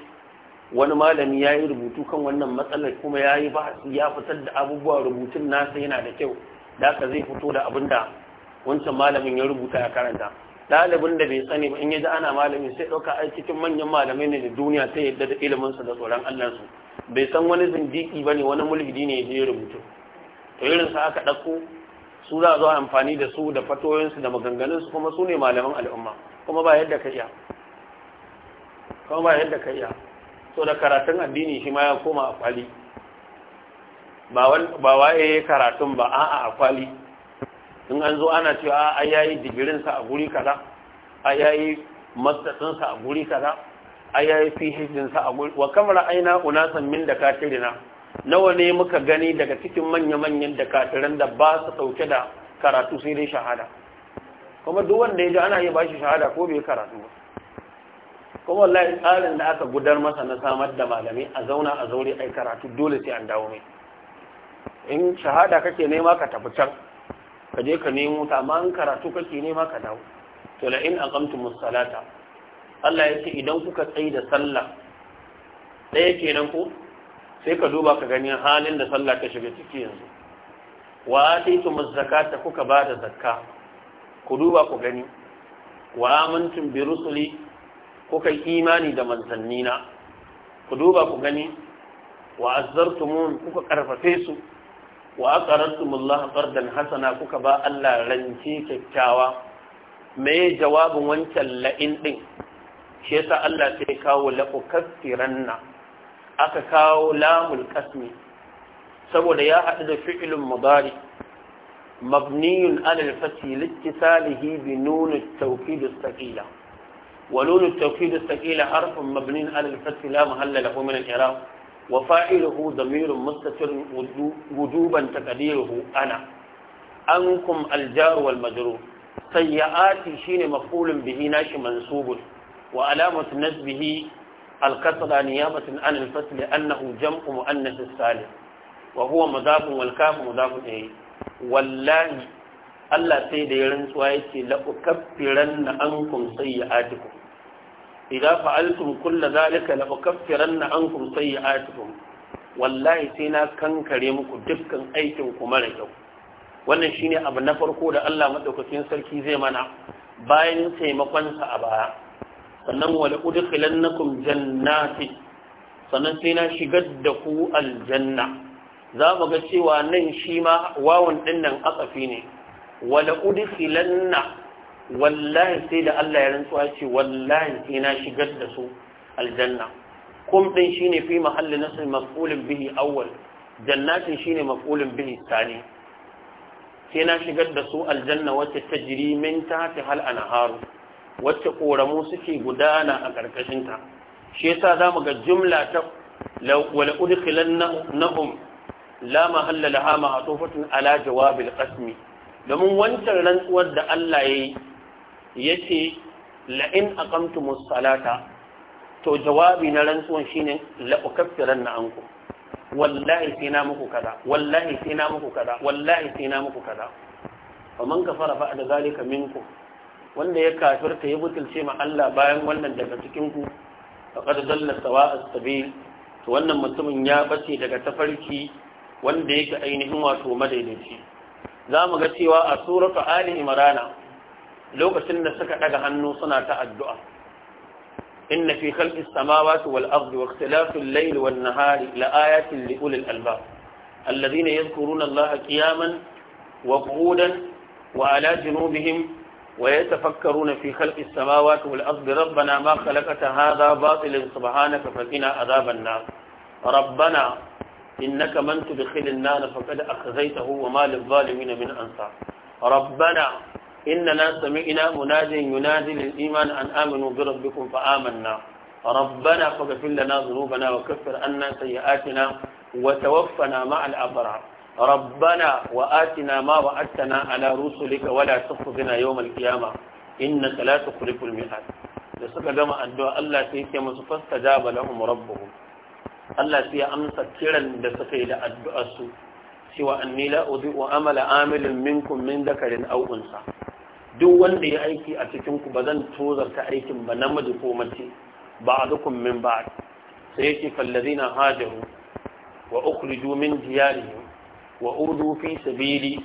wani malami ya yi rubutu kan wannan matsalar kuma ya yi ya fitar da abubuwa rubutun nasa yana da kyau da haka zai fito da abin da wancan malamin ya rubuta ya karanta ɗalibin da bai sani ba in ya ji ana malami sai ɗauka a cikin manyan malamai ne da duniya ta yadda da iliminsa da tsoron allansu bai san wani zindiki ba ne wani mulhidi ne ya rubutu to irin sa aka ɗauko su za a zo amfani da su da fatoyinsu da maganganunsu kuma su ne malaman al'umma kuma ba yadda ka iya kuma ba yadda ka iya so da karatun addini shi ma ya koma a kwali ba waye karatun ba a'a a kwali in an zo ana cewa a yayi digirinsa a guri kaza a yayi mastasinsa a guri kaza a yayi phd a guri wa kamar aina unasan min da katirina nawa ne muka gani daga cikin manya-manyan da katirin da ba su sauke da karatu sai dai shahada kuma duk wanda ya ji ana yi ba shi shahada ko bai karatu ba kuma wallahi tsarin da aka gudar masa na samar da malami a zauna a zaure ai karatu dole sai an dawo mai in shahada kake nema ka tafi can ka je ka nemo ta amma in karatu kake nema ka dawo to la in aqamtu musallata Allah ya idan kuka tsayi da sallah ɗaya kenan ko sai ka duba ka gani halin da sallah ta shiga ciki yanzu wa atitu muzakata kuka ba da zakka ku duba ku gani wa amantum bi rusuli kuka yi imani da na ku duba ku gani wa azzartumun kuka karfafe su wa aqarrtumullaha qardan hasana kuka ba Allah rance kyakkyawa me jawabin wancan la'in din shi yasa Allah sai kawo laqukaffiranna aka kawo lamul qasmi saboda ya hadu da fi'ilun mudari mabniyun ala al-fathi liittisalihi bi nun at-tawkid as ولون التوكيد الثقيل حرف مبني على الفتح لا محل له من الإعراب وفاعله ضمير مستتر وجوبا تقديره أنا أنكم الجار والمجرور سيئات شين مفعول به ناش منصوب وعلامة نسبه الكسر نيابة عن الفتح لأنه جمع مؤنث السالم وهو مضاف والكاف مضاف إليه والله Allah sai da ya rantsuwa ya ce laƙuƙafiran na an kumsayi atiku idza fa'altum kullu zalika la ukaffiranna ankum sayyi'atikum wallahi sai na kankare muku dukkan aikinku mara kyau wannan shine abu na farko da Allah madaukakin sarki zai mana bayan taimakon sa a baya sannan wala udkhilannakum jannati sannan sai na shigar da ku aljanna za mu ga cewa nan shi ma wawan ɗinnan nan akafi ne wala udkhilanna wallahi sai da Allah ya rantsuwa ce wallahi sai na shigar da su aljanna kum din shine fi mahalli nasl maf'ulun bihi awwal jannatin shine maf'ulun bihi tsani sai na shigar da su aljanna wacce tajri min tahti hal anharu wacce koramu suke gudana a karkashin ta shi yasa zamu ga jumla ta wal udkhilannahum la mahalla laha ma'tufatun ala jawabil qasmi domin wancan rantsuwar da Allah yayi Ya yace la'in a aqamtumus musalata to jawabi na rantsuwan shine na an ku wallahi sai na muku kada. wallahi sai na muku kada. wallahi sai na muku kada fa man kafara fa da zalika minku. wanda ya ta ya butulce ma Allah bayan wannan daga cikin ku faqad dalla a sabil to wannan mutumin ya bace daga tafarki wanda yake ainihin wato madaidaici zamu ga cewa a suratu ali imrana لوكسن نسكا كاغانو صنع تاعد دوى ان في خلق السماوات والارض واختلاف الليل والنهار لايات لاولي الالباب الذين يذكرون الله قياما وقعودا وعلى جنوبهم ويتفكرون في خلق السماوات والارض ربنا ما خلقت هذا باطلا سبحانك فقنا عذاب النار ربنا انك من تدخل النار فقد اخذيته وما للظالمين من انصار ربنا إننا سمعنا مناجا ينادي للإيمان أن آمنوا بربكم فآمنا ربنا فاغفر لنا ذنوبنا وكفر عنا سيئاتنا وتوفنا مع الأبرار ربنا وآتنا ما وعدتنا على رسلك ولا تخزنا يوم القيامة إنك لا تخلف الميعاد da suka gama addu'a Allah sai ke musu fastajaba lahum rabbuhum Allah sai ya amsa kiran da suka yi da addu'ar su cewa anni la udhi'u amala amilin minkum min dhakarin aw unsa duk wanda ya aiki a cikin ku ba zan tozarta aikin ba namiji ko mace ba'dukum min ba. sai yake fallazina hajaru wa ukhriju min diyarihim wa urdu fi sabili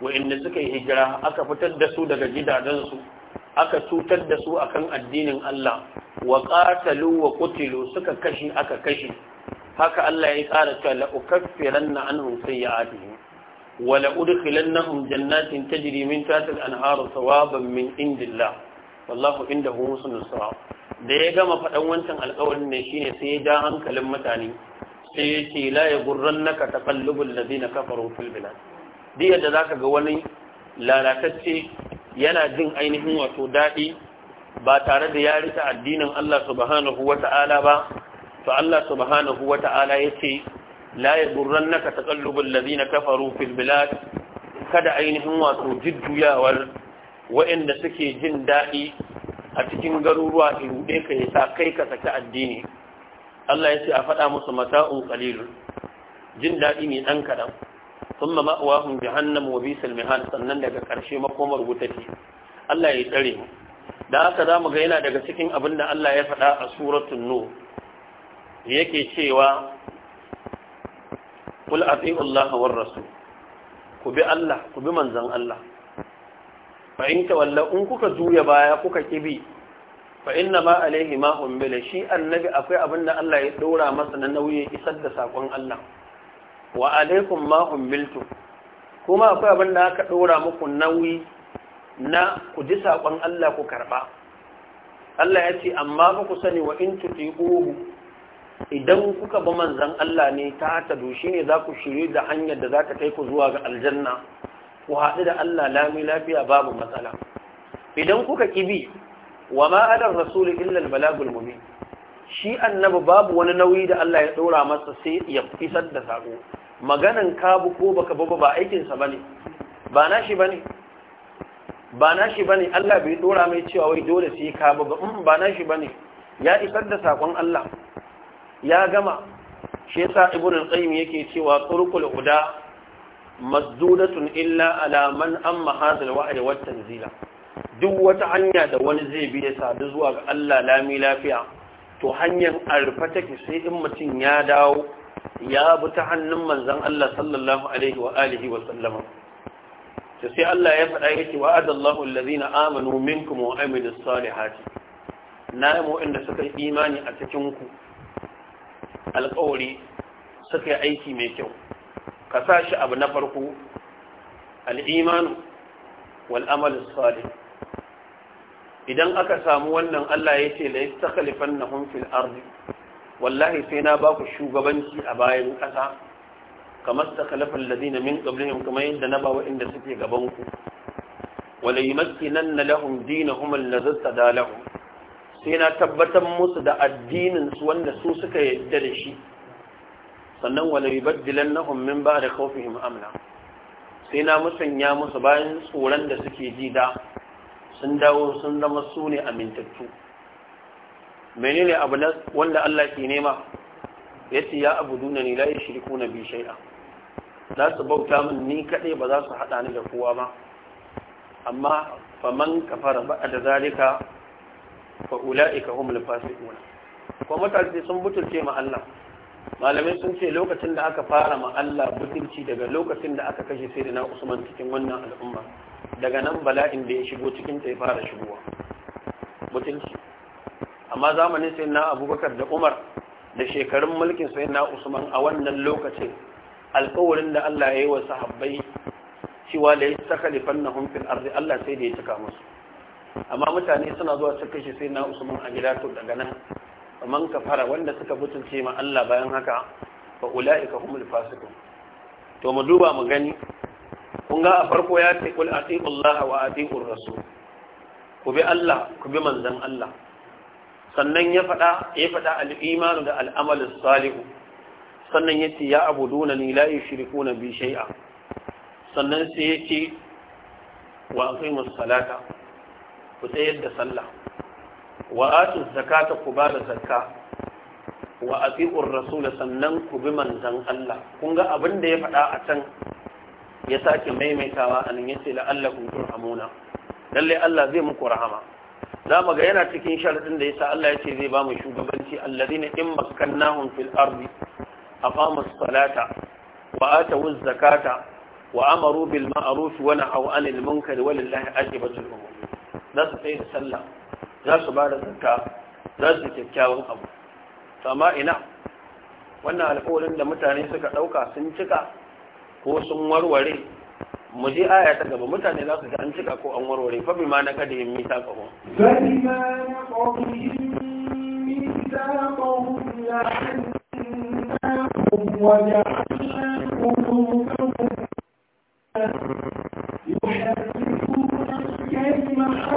wa inda suka yi hijira aka fitar da su daga gidajensu aka cutar da su akan addinin Allah wa qatalu wa qutilu suka kashi aka kashi haka Allah ya ƙara cewa la ukaffiranna anhum sayyi'atihim wala udkhilannahum jannatin tajri min tahtiha al-anharu thawaban min indillah wallahu indahu husnul thawab da ya gama faɗan wancan alƙawarin ne shine sai ya ja hankalin mutane sai ya ce la yaghurrannaka taqallubul ladina kafaru fil bilad diya da zaka ga wani lalatacce yana jin ainihin wato daɗi ba tare da ya rika addinin Allah subhanahu wata'ala ba to Allah subhanahu wata'ala yace la ta taqallubul ladina kafaru fil bilad kada ainihin wato jidduyawar waɗanda suke jin daɗi a cikin garuruwa iruɗe ka yi, sa kai ka saki addini Allah ya ce a faɗa musu mata'un qalilun jin daɗi ne ɗan kaɗan sun ma ma'awahun jahannam wa mihan sannan daga ƙarshe makomar wuta ce Allah ya tsare mu da haka za mu ga yana daga cikin abin da Allah ya faɗa a suratun nu yake cewa kul ati'u Allah war rasu ku bi Allah ku bi manzon Allah fa in in kuka juya baya kuka kibi fa inna ma alaihi ma ummila shi annabi akwai abin da Allah ya dora masa na nauyi isar da sakon Allah wa alaikum ma ummiltu kuma akwai abin da aka dora muku nauyi na ku ji sakon Allah ku karba Allah ya ce amma ba ku sani wa in tuti'uhu idan kuka ba manzan Allah ne ta hata doshi ne za ku shirye da hanyar da za ta kai ku zuwa ga aljanna ku haɗu da Allah lami lafiya babu matsala idan kuka kibi wa ma'adar rasulun illal balagul mubin shi annabi babu wani nauyi da Allah ya ɗora masa sai ya isar da saƙo maganan kabu ko baka ba aikinsa ba ne ba na shi ba ne ba na shi ba Allah bai ɗora mai cewa wai dole sai ka ba mm, ba na shi ba ne ya isar da sakon Allah ya gama shi yasa ibn al-qayyim yake cewa turqul uda mazdudatun illa ala man amma hadha al-wa'd wa tanzila duk wata hanya da wani zai bi ya sadu zuwa ga Allah lami lafiya to hanyar arfa take sai in mutum ya dawo ya bi ta hannun manzon Allah sallallahu alaihi wa alihi wa sallama to sai Allah ya faɗa yake wa'adallahu allazina amanu minkum wa amilus salihati na yi inda suka imani a cikin ku alƙawari suka yi aiki mai kyau ka sa shi abu na farko al'imanu wal'amal salih idan aka samu wannan Allah ya ce la takalifan na fil ardi wallahi sai na baku shugabanci a bayan ƙasa kamar takhlafal ladina min qablihim kamar yadda na bawa inda suke gaban ku wala yumakkinanna lahum zasta da tadalahum sai na tabbatar musu da addinin su wanda su suka yadda da shi sannan wani wala na nahum ba da kofin amna sai na musanya musu bayan tsoron da suke ji da sun dawo sun zama su ne amintattu menene abu wanda Allah ke nema ce ya abu abuduna ni la na bi shaida za su bauta min ni kaɗai ba za su haɗa ni da kowa ba amma faman kafara ba da zalika fa ula'ika humul fasiqun ko mutane sun butulce ma Allah malamai sun ce lokacin da aka fara ma Allah butulci daga lokacin da aka kashe sayyidina Usman cikin wannan al'umma daga nan bala'in da ya shigo cikin ta ya fara shigowa butulci amma zamanin sayyidina Abubakar da Umar da shekarun mulkin sayyidina Usman a wannan lokacin alƙawarin da Allah ya yi wa sahabbai cewa da ya la na fil ardi Allah sai da ya cika musu amma mutane suna zuwa su kashe sai na usman a gida to daga nan man kafara wanda suka mutunce ma Allah bayan haka fa ulaika humul fasiqun to mu duba mu gani kun ga a farko ya ce kul atiqu wa atiqu rasul ku bi Allah ku bi manzon Allah sannan ya faɗa ya faɗa al-imanu da al-amal salih sannan yace ya abuduna ni la yushrikuna bi shay'a sannan sai ya ce wa aqimus salata ku tsayar da sallah wa atu zakata ku ba da zakka wa atiqur rasul sannan ku bi manzon Allah kun ga abin da ya faɗa a can ya sake maimaitawa anan yace la'allakum turhamuna lalle Allah zai muku rahama za mu ga yana cikin sharadin da yasa Allah yace zai ba mu shugabanci alladina in makkannahum fil ardi aqamu salata wa atu zakata wa amaru bil ma'ruf wa nahaw anil munkar walillahi ajibatul umur za su tsaye da sallah za su ba da zarka za su kyakkyawan abu amma ina wannan alƙawarin da mutane suka ɗauka sun cika ko sun warware mu je aya ta gaba mutane za su ga an cika ko an warware fa bi ma na kada yin mita kawo وجعلنا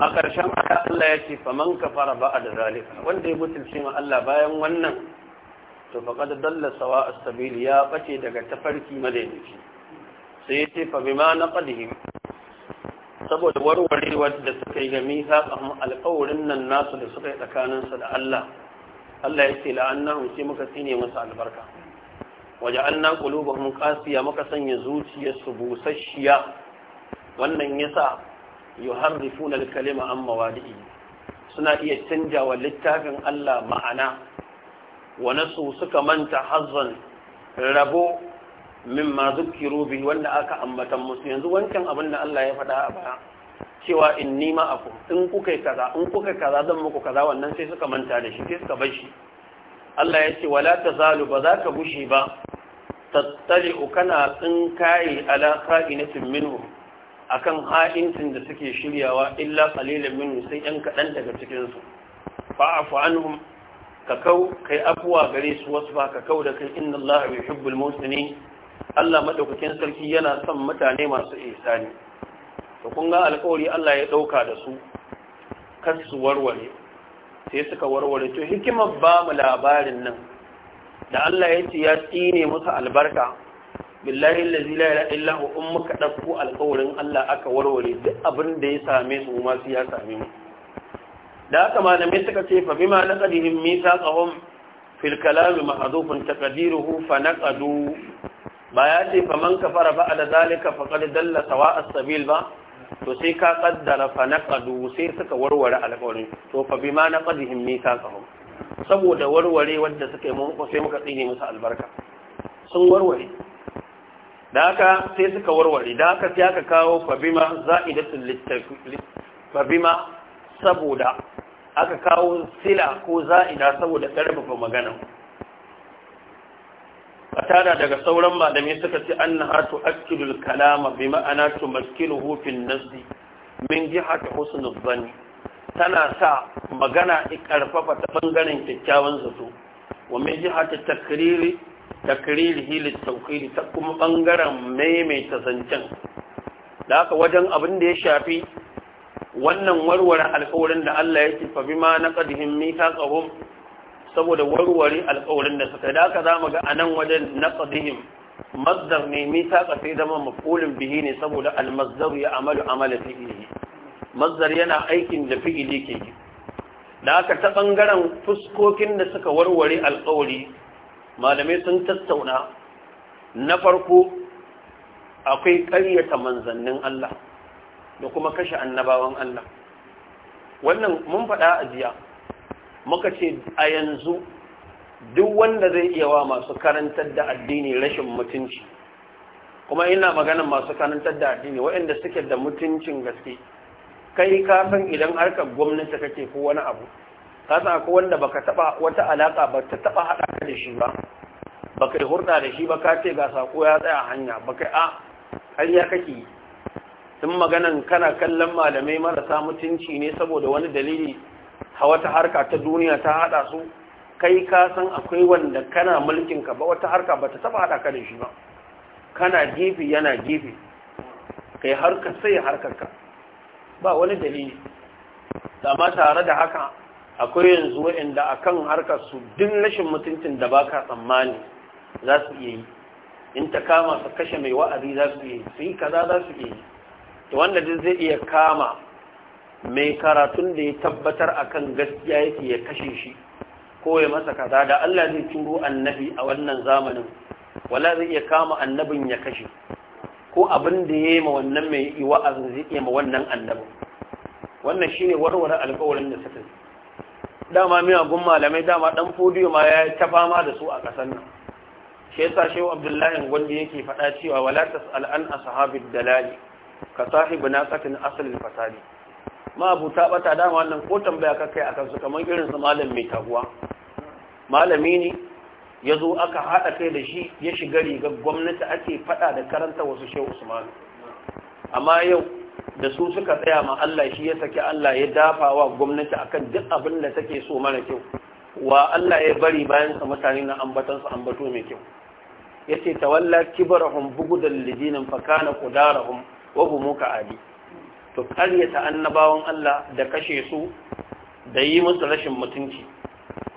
a ƙarshen aya Allah ya ce faman ba ba'a da zalika wanda ya mutunce ma Allah bayan wannan to faqad dalla sawa a sabil ya bace daga tafarki madaidaici sai ce fa na naqadihim saboda warwarewar da suka yi ga mithaqahum alqawrin nan nasu da suka yi tsakaninsa da Allah Allah ya ce la'annahu sai muka tsine musu albarka waja'alna qulubahum qasiya muka sanya zuciyarsu busasshiya wannan yasa yuharrifuna al-kalima an mawadi'i suna iya canja wa littafin Allah ma'ana wa nasu suka manta hazzan rabo mimma zukiru bi wanda aka ambatan musu yanzu wancan abin da Allah ya faɗa a baya cewa in nima aku in kuka yi kaza in kuka kaza zan muku kaza wannan sai suka manta da shi sai suka bar shi Allah ya ce wala tazalu ba za ka bushe ba tattali'u kana tsinkaye ala kha'inatin minhum akan ha'incin da suke shiryawa illa qalilan min sai ɗan kaɗan daga cikin su fa'fu anhum ka kau kai afuwa gare su wasu ba ka kau da kai inna Allah yuhibbul muhsinin Allah madaukakin sarki yana son mutane masu ihsani to kun ga alƙawari Allah ya dauka da su kan su warware sai suka warware to hikimar ba mu labarin nan da Allah ya ce ya tsine musu albarka billahi allazi la ilaha illa hu in muka ɗauko alƙawarin Allah aka warware duk abin da ya same su ma su ya same mu da haka malamai suka ce fa bima naqadihim mithaqahum fil kalam mahdhufun taqdiruhu fa naqadu ba ya ce fa man kafara ba da zalika faqad dalla sawa as-sabil ba to sai ka kaddara fa naqadu sai suka warware alƙawarin to fa bima naqadihim mithaqahum saboda warware wanda suka yi mun sai muka tsine musu albarka sun warware da haka sai suka warware da haka sai aka kawo fabima za'idatul littafi fabima saboda aka kawo sila ko za'ida saboda karfafa magana fatada daga sauran malamai suka ce annaha akilul kalama bi ma'ana tumakkinuhu fil nasdi min jihati husnul zanni tana sa magana ikarfafa ta bangaren kyakkyawan zato wa min jihati takriri hili litawqili ta kuma bangaren maimaita zancen da haka wajen abin da ya shafi wannan warware alƙawarin da Allah ya tifa na naqadihim mithaqahum saboda warware alƙawarin da suka da haka zamu ga anan wajen naqadihim masdar ne mithaqa sai zama maf'ulun bihi ne saboda al-masdar ya amalu amala fihi masdar yana aikin da fi'ili ke da haka ta bangaren fuskokin da suka warware alƙawari malamai sun tattauna na farko akwai ƙaryata manzannin Allah da kuma kashe annabawan Allah wannan mun faɗa a jiya muka ce a yanzu duk wanda zai iya wa masu karantar da addini rashin mutunci kuma ina maganin masu karantar da addini waɗanda suke da mutuncin gaske kai kafin idan harkar gwamnati kake ko wani abu ka akwai wanda baka taba wata alaka ba ta taba hada ka da shi ba baka hurda da shi ba ka ce ga sako ya tsaya hanya baka a ya kake tun maganan kana kallon malamai marasa mutunci ne saboda wani dalili a wata harka ta duniya ta hada su kai ka san akwai wanda kana mulkin ka ba wata harka ba ta taba hada ka da shi ba kana gefe yana gefe kai harkar sai harkar ka ba wani dalili amma tare da haka akwai yanzu waɗanda a kan harkar su duk rashin mutuncin da ba ka tsammani za su iya yi in ta kama su kashe mai wa'azi za su iya yi su yi kaza za su iya yi Da wanda duk zai iya kama mai karatun da ya tabbatar akan gaskiya yake ya kashe shi ko ya masa kaza da Allah zai turo annabi a wannan zamanin wala zai iya kama annabin ya kashe ko abin da ya yi ma wannan mai wa'azin zai iya ma wannan annabin wannan shine warware alƙawarin da suka yi dama miyagun malamai dama dan fodiyo ma ya ta fama da su a kasan nan shi yasa shehu abdullahi gwanda yake faɗa cewa wala tas'al an ashabid dalali ka sahibu na katin asalin fasadi ma abuta bata dama wannan ko tambaya ka kai akan su kamar irin su malam mai taguwa malami ne ya zo aka haɗa kai da shi ya shiga rigar gwamnati ake faɗa da karanta wasu shehu usman amma yau da su suka tsaya ma Allah shi ya saki Allah ya dafa wa gwamnati akan duk abin da take so mara kyau wa Allah ya bari bayan sa mutane na ambatan su ambato mai kyau yace tawalla kibarahum bugudan lidinin fa kana qudarahum wa hum ka'adi to ta annabawan Allah da kashe su da yi musu rashin mutunci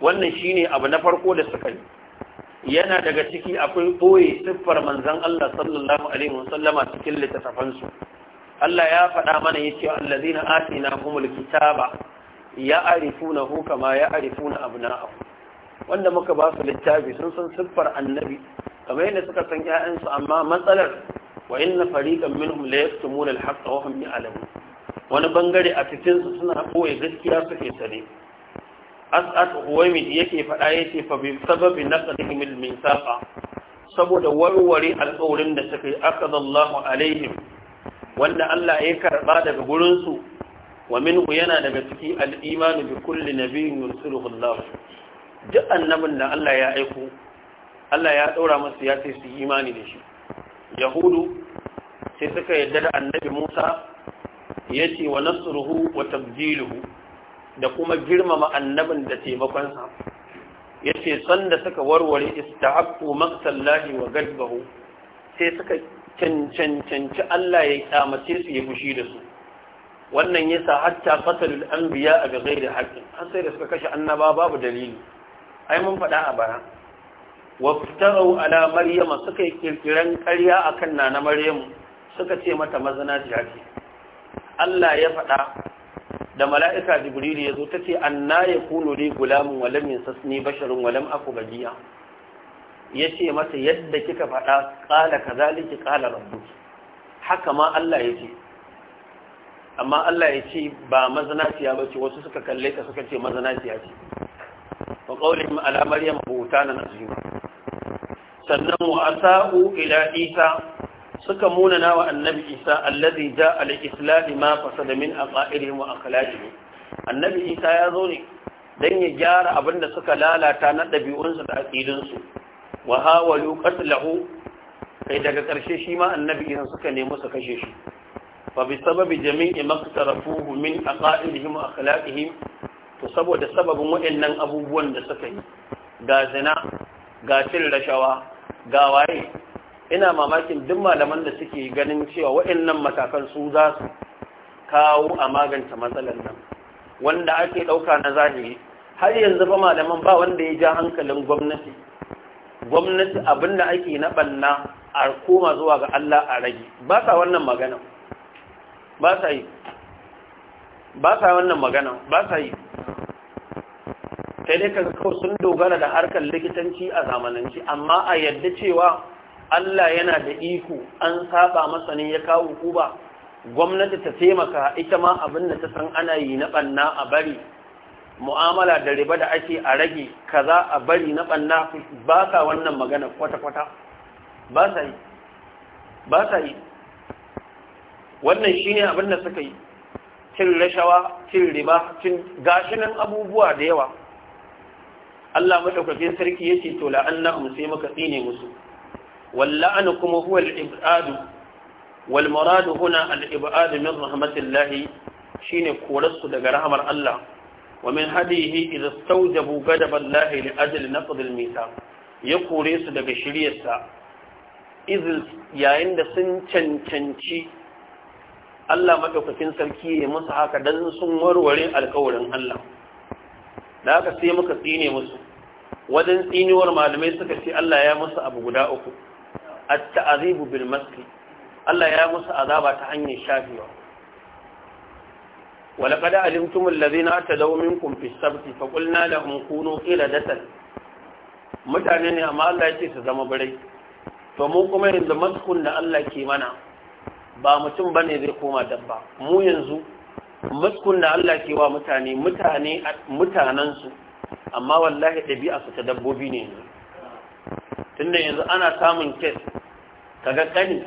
wannan shine abu na farko da suka yi yana daga ciki akwai ɓoye siffar manzan Allah sallallahu Alaihi wasallama cikin littattafansu Allah ya faɗa mana ya ce allazina atina humul kitaba ya arifuna hu kama ya arifuna abna'ahu wanda muka ba su littafi sun san siffar annabi kamar yadda suka san 'ya'yansu, amma matsalar wa inna fariqan minhum la yaktumuna al-haqqa wa hum ya'lamun wani bangare a cikin su suna koyi gaskiya suke sare as'ad huwaimi yake faɗa yace fa bi sababi naqdihim al-mithaqa saboda warware alƙawarin da suka yi akadallahu alaihim wanda Allah ya karɓa daga gurinsu wa minhu yana daga ciki al'imanu bi kulli nabiyyin yursuluhu Allah duk annabin da Allah ya aiko Allah ya ɗaura masa ya su yi imani da shi yahudu sai suka yarda da annabi Musa yace wa nasruhu wa tabdiluhu da kuma girmama annabin da taimakon Ya yace sanda suka warware istahabbu maqtallahi wa gadbahu sai suka cancancanci Allah ya kyamace su ya fushi da su wannan ya sa hatta fasalul anbiya a gagai da haƙƙin an sai da suka kashe annaba babu dalili ai mun faɗa a baya waftarau ala maryama suka yi kirkiran ƙarya akan nana maryam suka ce mata mazana jaki Allah ya faɗa da mala'ika jibril ya zo ta ce anna yakunu li gulamun wa lam yansasni basharun wa aku ya ce masa yadda kika faɗa ƙala ka zaliki ƙala rabbuki haka ma Allah ya ce amma Allah ya ce ba mazanaciya ba ce wasu suka kalle ka suka ce mazanaciya ce wa ƙaunin ala maryam buhutanan azima sannan wa asa'u ila isa suka munana wa annabi isa allazi ja al islam ma fasada min aqairihim wa akhlaqihim annabi isa ya zo ne dan ya gyara abinda suka lalata na dabi'unsu da aqidunsu wa hawalu qatlahu kai daga ƙarshe shi ma annabi idan suka nemi su kashe shi fa bi sababi jami'i maktarafuhu min aqaidihim wa akhlaqihim to saboda sababin waɗannan abubuwan da suka yi ga zina ga cin rashawa ga waye ina mamakin duk malaman da suke ganin cewa waɗannan matakan su za su kawo a magance matsalar nan wanda ake ɗauka na zahiri har yanzu ba malaman ba wanda ya ja hankalin gwamnati gwamnati abin da ake na banna a koma zuwa ga Allah a rage ba sa wannan magana ba sa yi ba sa wannan magana ba sa yi sai dai kawo sun dogara da harkar likitanci a zamananci amma a yadda cewa Allah yana da iko an saba masa ne ya kawo kuba gwamnati ta taimaka ita ma abin da ta san ana yi na banna a bari mu'amala da riba da ake a rage kaza a bari na banna ba sa wannan magana kwata-kwata ba sa yi ba sa yi wannan abin da suka yi cin rashawa cin riba cin gashinan abubuwa da yawa Allah madaukakin sarki yace to la'annahum sai muka tsine musu Walla'ani kuma huwa al-ibadu huna al'ib'adu min rahmatillahi shine korarsu daga rahamar Allah ومن هديه إذا استوجبوا غضب الله لأجل نقض الميثاق يقولي سدق شريسا إذ da sun cancanci? Allah maɗaukakin sarki ne musu haka don sun warware alkawarin Allah da haka sai muka tsine musu wajen tsiniwar malamai suka ce Allah ya musu abu guda uku at-ta'azibu bil Allah ya musu azaba ta hanyar shafewa ولقد علمتم الذين اعتدوا منكم في السبت فقلنا لهم كونوا قردة mutane ne amma Allah ya ce su zama birai to mu kuma yanzu maskun da Allah ke mana ba mutum bane zai koma dabba mu yanzu maskun da Allah ke wa mutane mutane mutanansu amma wallahi ɗabi'a su ta dabbobi ne yanzu tunda yanzu ana samun kes kaga kani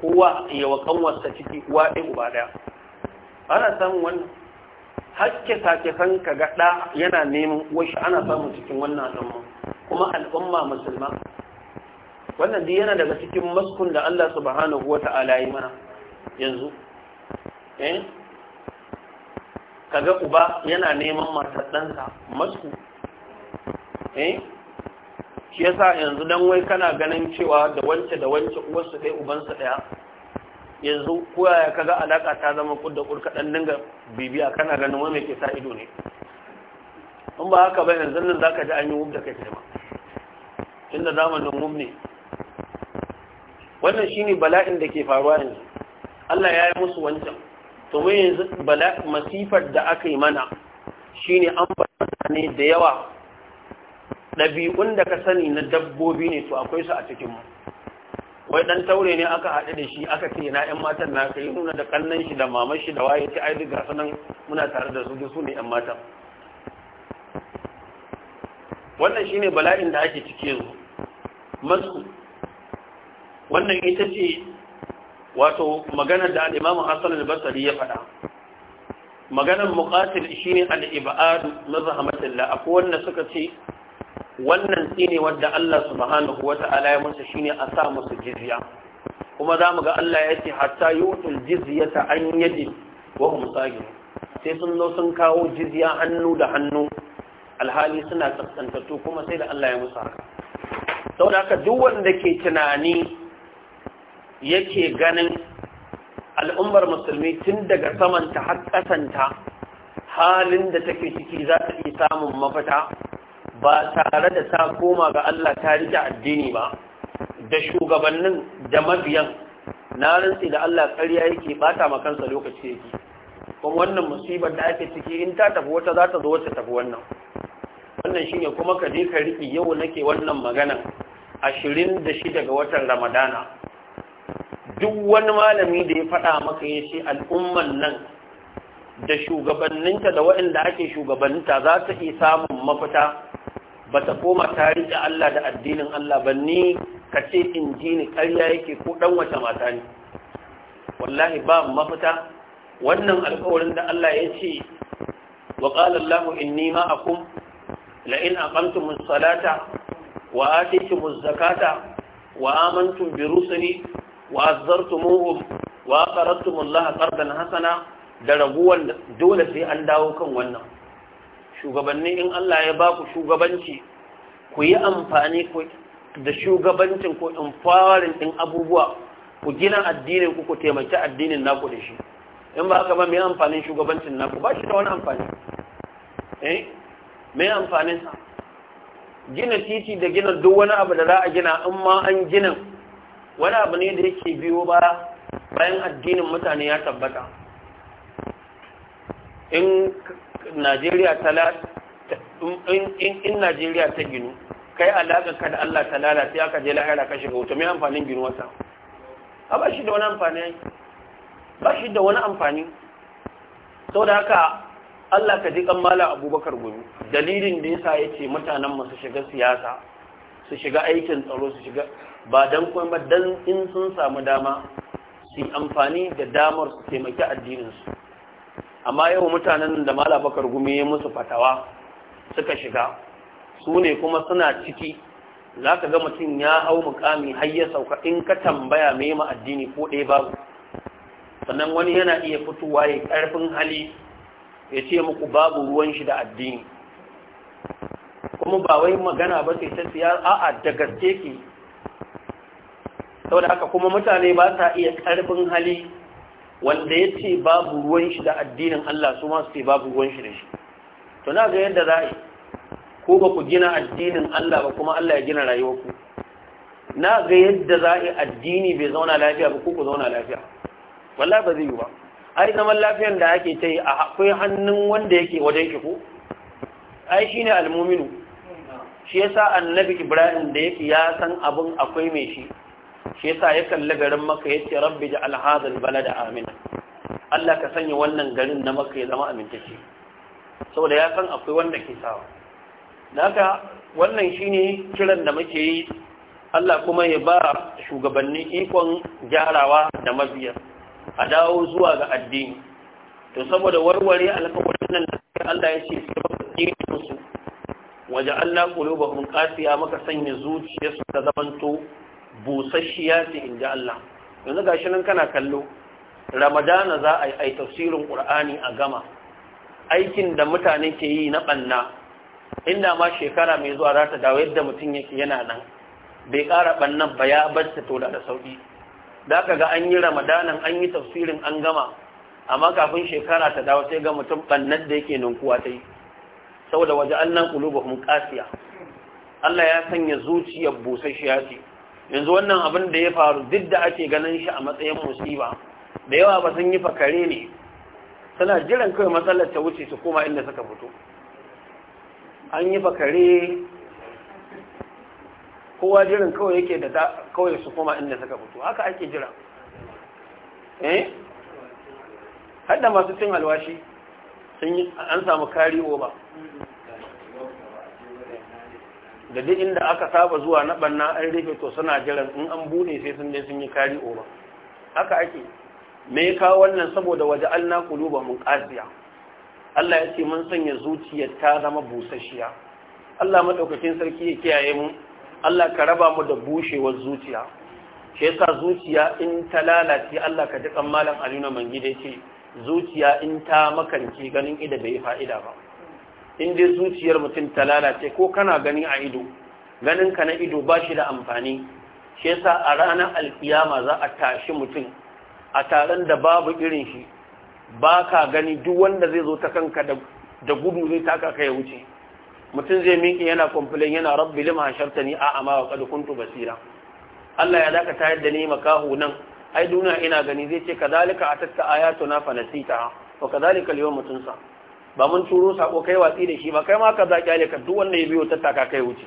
kowa yawa kanwarsa ciki uwa ɗaya uba ɗaya ana samun wannan hakke sake san ka ga da yana neman washi ana samun cikin wannan al'umma kuma al'umma musulma wannan duk yana daga cikin maskun da Allah subhanahu wata'ala yi mana yanzu eh kaga uba yana neman matar ɗansa masku eh shi yasa yanzu dan wai kana ganin cewa da wance da wance uwarsu ɗaya ubansu ɗaya yanzu koya ka kaga alaka ta zama kudda kurka ɗan dinga bibiya kana ganin wani ke sa ido ne in ba haka ba yanzu nan zaka ji an yi wubda kai ma inda zamanin wub ne wannan shine bala'in da ke faruwa yanzu Allah ya yi musu wancan to mai yanzu masifar da aka yi mana shine an fara ne da yawa ɗabi'un da ka sani na dabbobi ne to akwai su a cikin mu wai dan taure ne aka haɗu da shi aka ce na yan matan na kai nuna da kannan shi da maman shi da waye ta ai duka sanan muna tare da su su ne yan matan wannan shine bala'in da ake cike su masu wannan ita ce wato maganar da al-Imam Hassan al-Basri ya faɗa maganar muqatil shine al-ibad min rahmatillah akwai wanda suka ce wannan tsine wadda Allah subhanahu wata'ala ya musu shine a sa musu jizya kuma zamu ga Allah ya ce hatta yutul jizyata an yadi wa hum sagir sai sun zo sun kawo jizya hannu da hannu alhali suna kaskantattu kuma sai da Allah ya musu haka saboda haka duk wanda ke tunani yake ganin al'ummar musulmi tun daga samanta har kasanta halin da take ciki za ta iya samun mafita ba tare da ta koma ga Allah ta rike addini ba da shugabannin da mabiyan na rantsi da Allah ƙarya yake bata ma kansa lokaci yake kuma wannan musibar da ake ciki in ta tafi wata za ta zo wata tafi wannan wannan shine kuma ka je ka riƙe yau nake wannan magana ashirin da ga watan ramadana duk wani malami da ya faɗa maka ya ce al'umman nan da shugabanninta da waɗanda ake shugabanninta za ta iya samun mafita ba ta koma ta riƙe Allah da addinin Allah ba ni ka ce in ji ni ƙarya yake ko ɗan wata mata ne wallahi ba mafita wannan alƙawarin da Allah ya ce wa qala ma a kun la in aqamtumus salata wa atitumuz zakata wa amantum bi rusuli wa azzartumuhum wa aqradtum Allah qardan hasana da raguwan dole sai an dawo kan wannan shugabanni in Allah ya ba ku shugabanci ku yi amfani da shugabancin ku in farin din abubuwa ku gina addinin ku ku taimaki addinin naku da shi in ba haka ba mai amfanin shugabancin naku ba shi da wani amfani eh mai amfanin sa gina titi da gina duk wani abu da za a gina in ma an gina wani abu ne da yake biyo ba bayan addinin mutane ya tabbata in najeriya ta in najeriya ta ginu kai alaƙar ka da Allah ta lalata ya je lahira ka shiga wuta mai amfanin wata a ba shi da wani amfani ba shi da wani amfani sau da haka Allah ka ji kammala abubakar gumi dalilin da yasa ya ce mutanen masu shiga siyasa su shiga aikin tsaro su shiga ba don kuma don in sun samu dama su amfani da damar su taimaki addininsu amma yau mutanen da mala bakar gumi ya musu fatawa suka shiga su ne kuma suna ciki za ka ga mutum ya hau mukami har ya sauka in ka tambaya mai ma addini ko ɗaya babu sannan wani yana iya fitowa ya ƙarfin hali ya ce muku babu ruwan shi da addini kuma ba wai magana ba sai ta siya a'a da gaske ke saboda haka kuma mutane ba sa iya ƙarfin hali wanda ya ce babu ruwan shi da addinin Allah su ma su ce babu ruwan shi da shi to na ga yadda za ko ba ku gina addinin Allah ba kuma Allah ya gina rayuwarku na ga yadda za a addini bai zauna lafiya ba ko ku zauna lafiya wallahi ba zai yi ba ai zaman lafiyar da ake ta yi a akwai hannun wanda yake wajen shi ko ai shine almuminu shi yasa annabi Ibrahim da yake ya san abin akwai mai shi shi yasa ya kalli garin maka ya ce rabbi da bala da amina Allah ka sanya wannan garin na maka ya zama amintacce saboda ya san akwai wanda ke sawa naka wannan shi ne kiran da muke yi Allah kuma ya ba shugabanni ikon gyarawa da mabiya a dawo zuwa ga addini to saboda warware alƙawarin nan da Allah ya ce su maka su waje Allah qulubuhum qasiya maka sanya zuciyarsu ta zamanto busasshiya ce in ji Allah yanzu ga shi nan kana kallo ramadana za a yi tafsirin ƙur'ani a gama aikin da mutane ke yi na ɓanna inda ma shekara mai zuwa za ta dawo yadda mutum yake yana nan bai ƙara ɓannan ba ya bar ta tola da sauƙi da aka ga an yi ramadanan an yi tafsirin an gama amma kafin shekara ta dawo sai ga mutum ɓannan da yake ninkuwa ta yi saboda waje an nan ƙulubahun ƙasiya Allah ya sanya zuciyar busasshiya ce yanzu wannan abin da ya faru duk da ake ganin shi a matsayin musiba da yawa ba sun yi fakare ne suna jiran kawai matsalar ta wuce su koma inda suka fito an yi fakare kowa jiran kawai yake da kawai su koma inda suka fito haka ake jira eh hadda masu cin alwashi an samu kari ba da duk inda aka saba zuwa na banna an rufe to suna jiran in an bude sai sun je sun yi kari oba haka ake me kawo wannan saboda waje alna kuluba mun qasiya Allah ya ce mun sanya zuciyar ta zama busasshiya Allah madaukakin sarki ya kiyaye mu Allah ka raba mu da bushewar zuciya shi yasa zuciya in ta lalace Allah ka ji kan malam Aliyu Mangide ce zuciya in ta makance ganin ida bai fa'ida ba in dai zuciyar mutum ta lalace ko kana gani a ido ganin ka na ido ba shi da amfani shi yasa a ranar alkiyama za a tashi mutum a taron da babu irin shi ba ka gani duk wanda zai zo ta kanka da gudu zai taka ka ya wuce mutum zai miƙe yana kwamfilin yana rabbi lima hashartani a amma wa kuntu basira Allah ya daka tayar da ni makahu nan ai duniya ina gani zai ce kadalika atatta na fa nasita wa kadalika al sa. ba mun turo sako kai watsi da shi ba kai ma ka za kyale duk wanda ya biyo ta kai wuce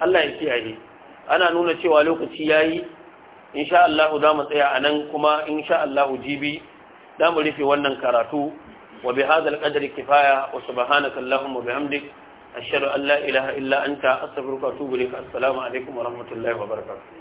Allah ya kiyaye ana nuna cewa lokaci yayi insha Allah za mu tsaya anan kuma insha Allah jibi za mu rufe wannan karatu wa bi hadha al kifaya wa subhanaka allahumma bihamdik ashhadu an la ilaha illa anta astaghfiruka wa atubu ilaik assalamu alaikum wa rahmatullahi wa barakatuh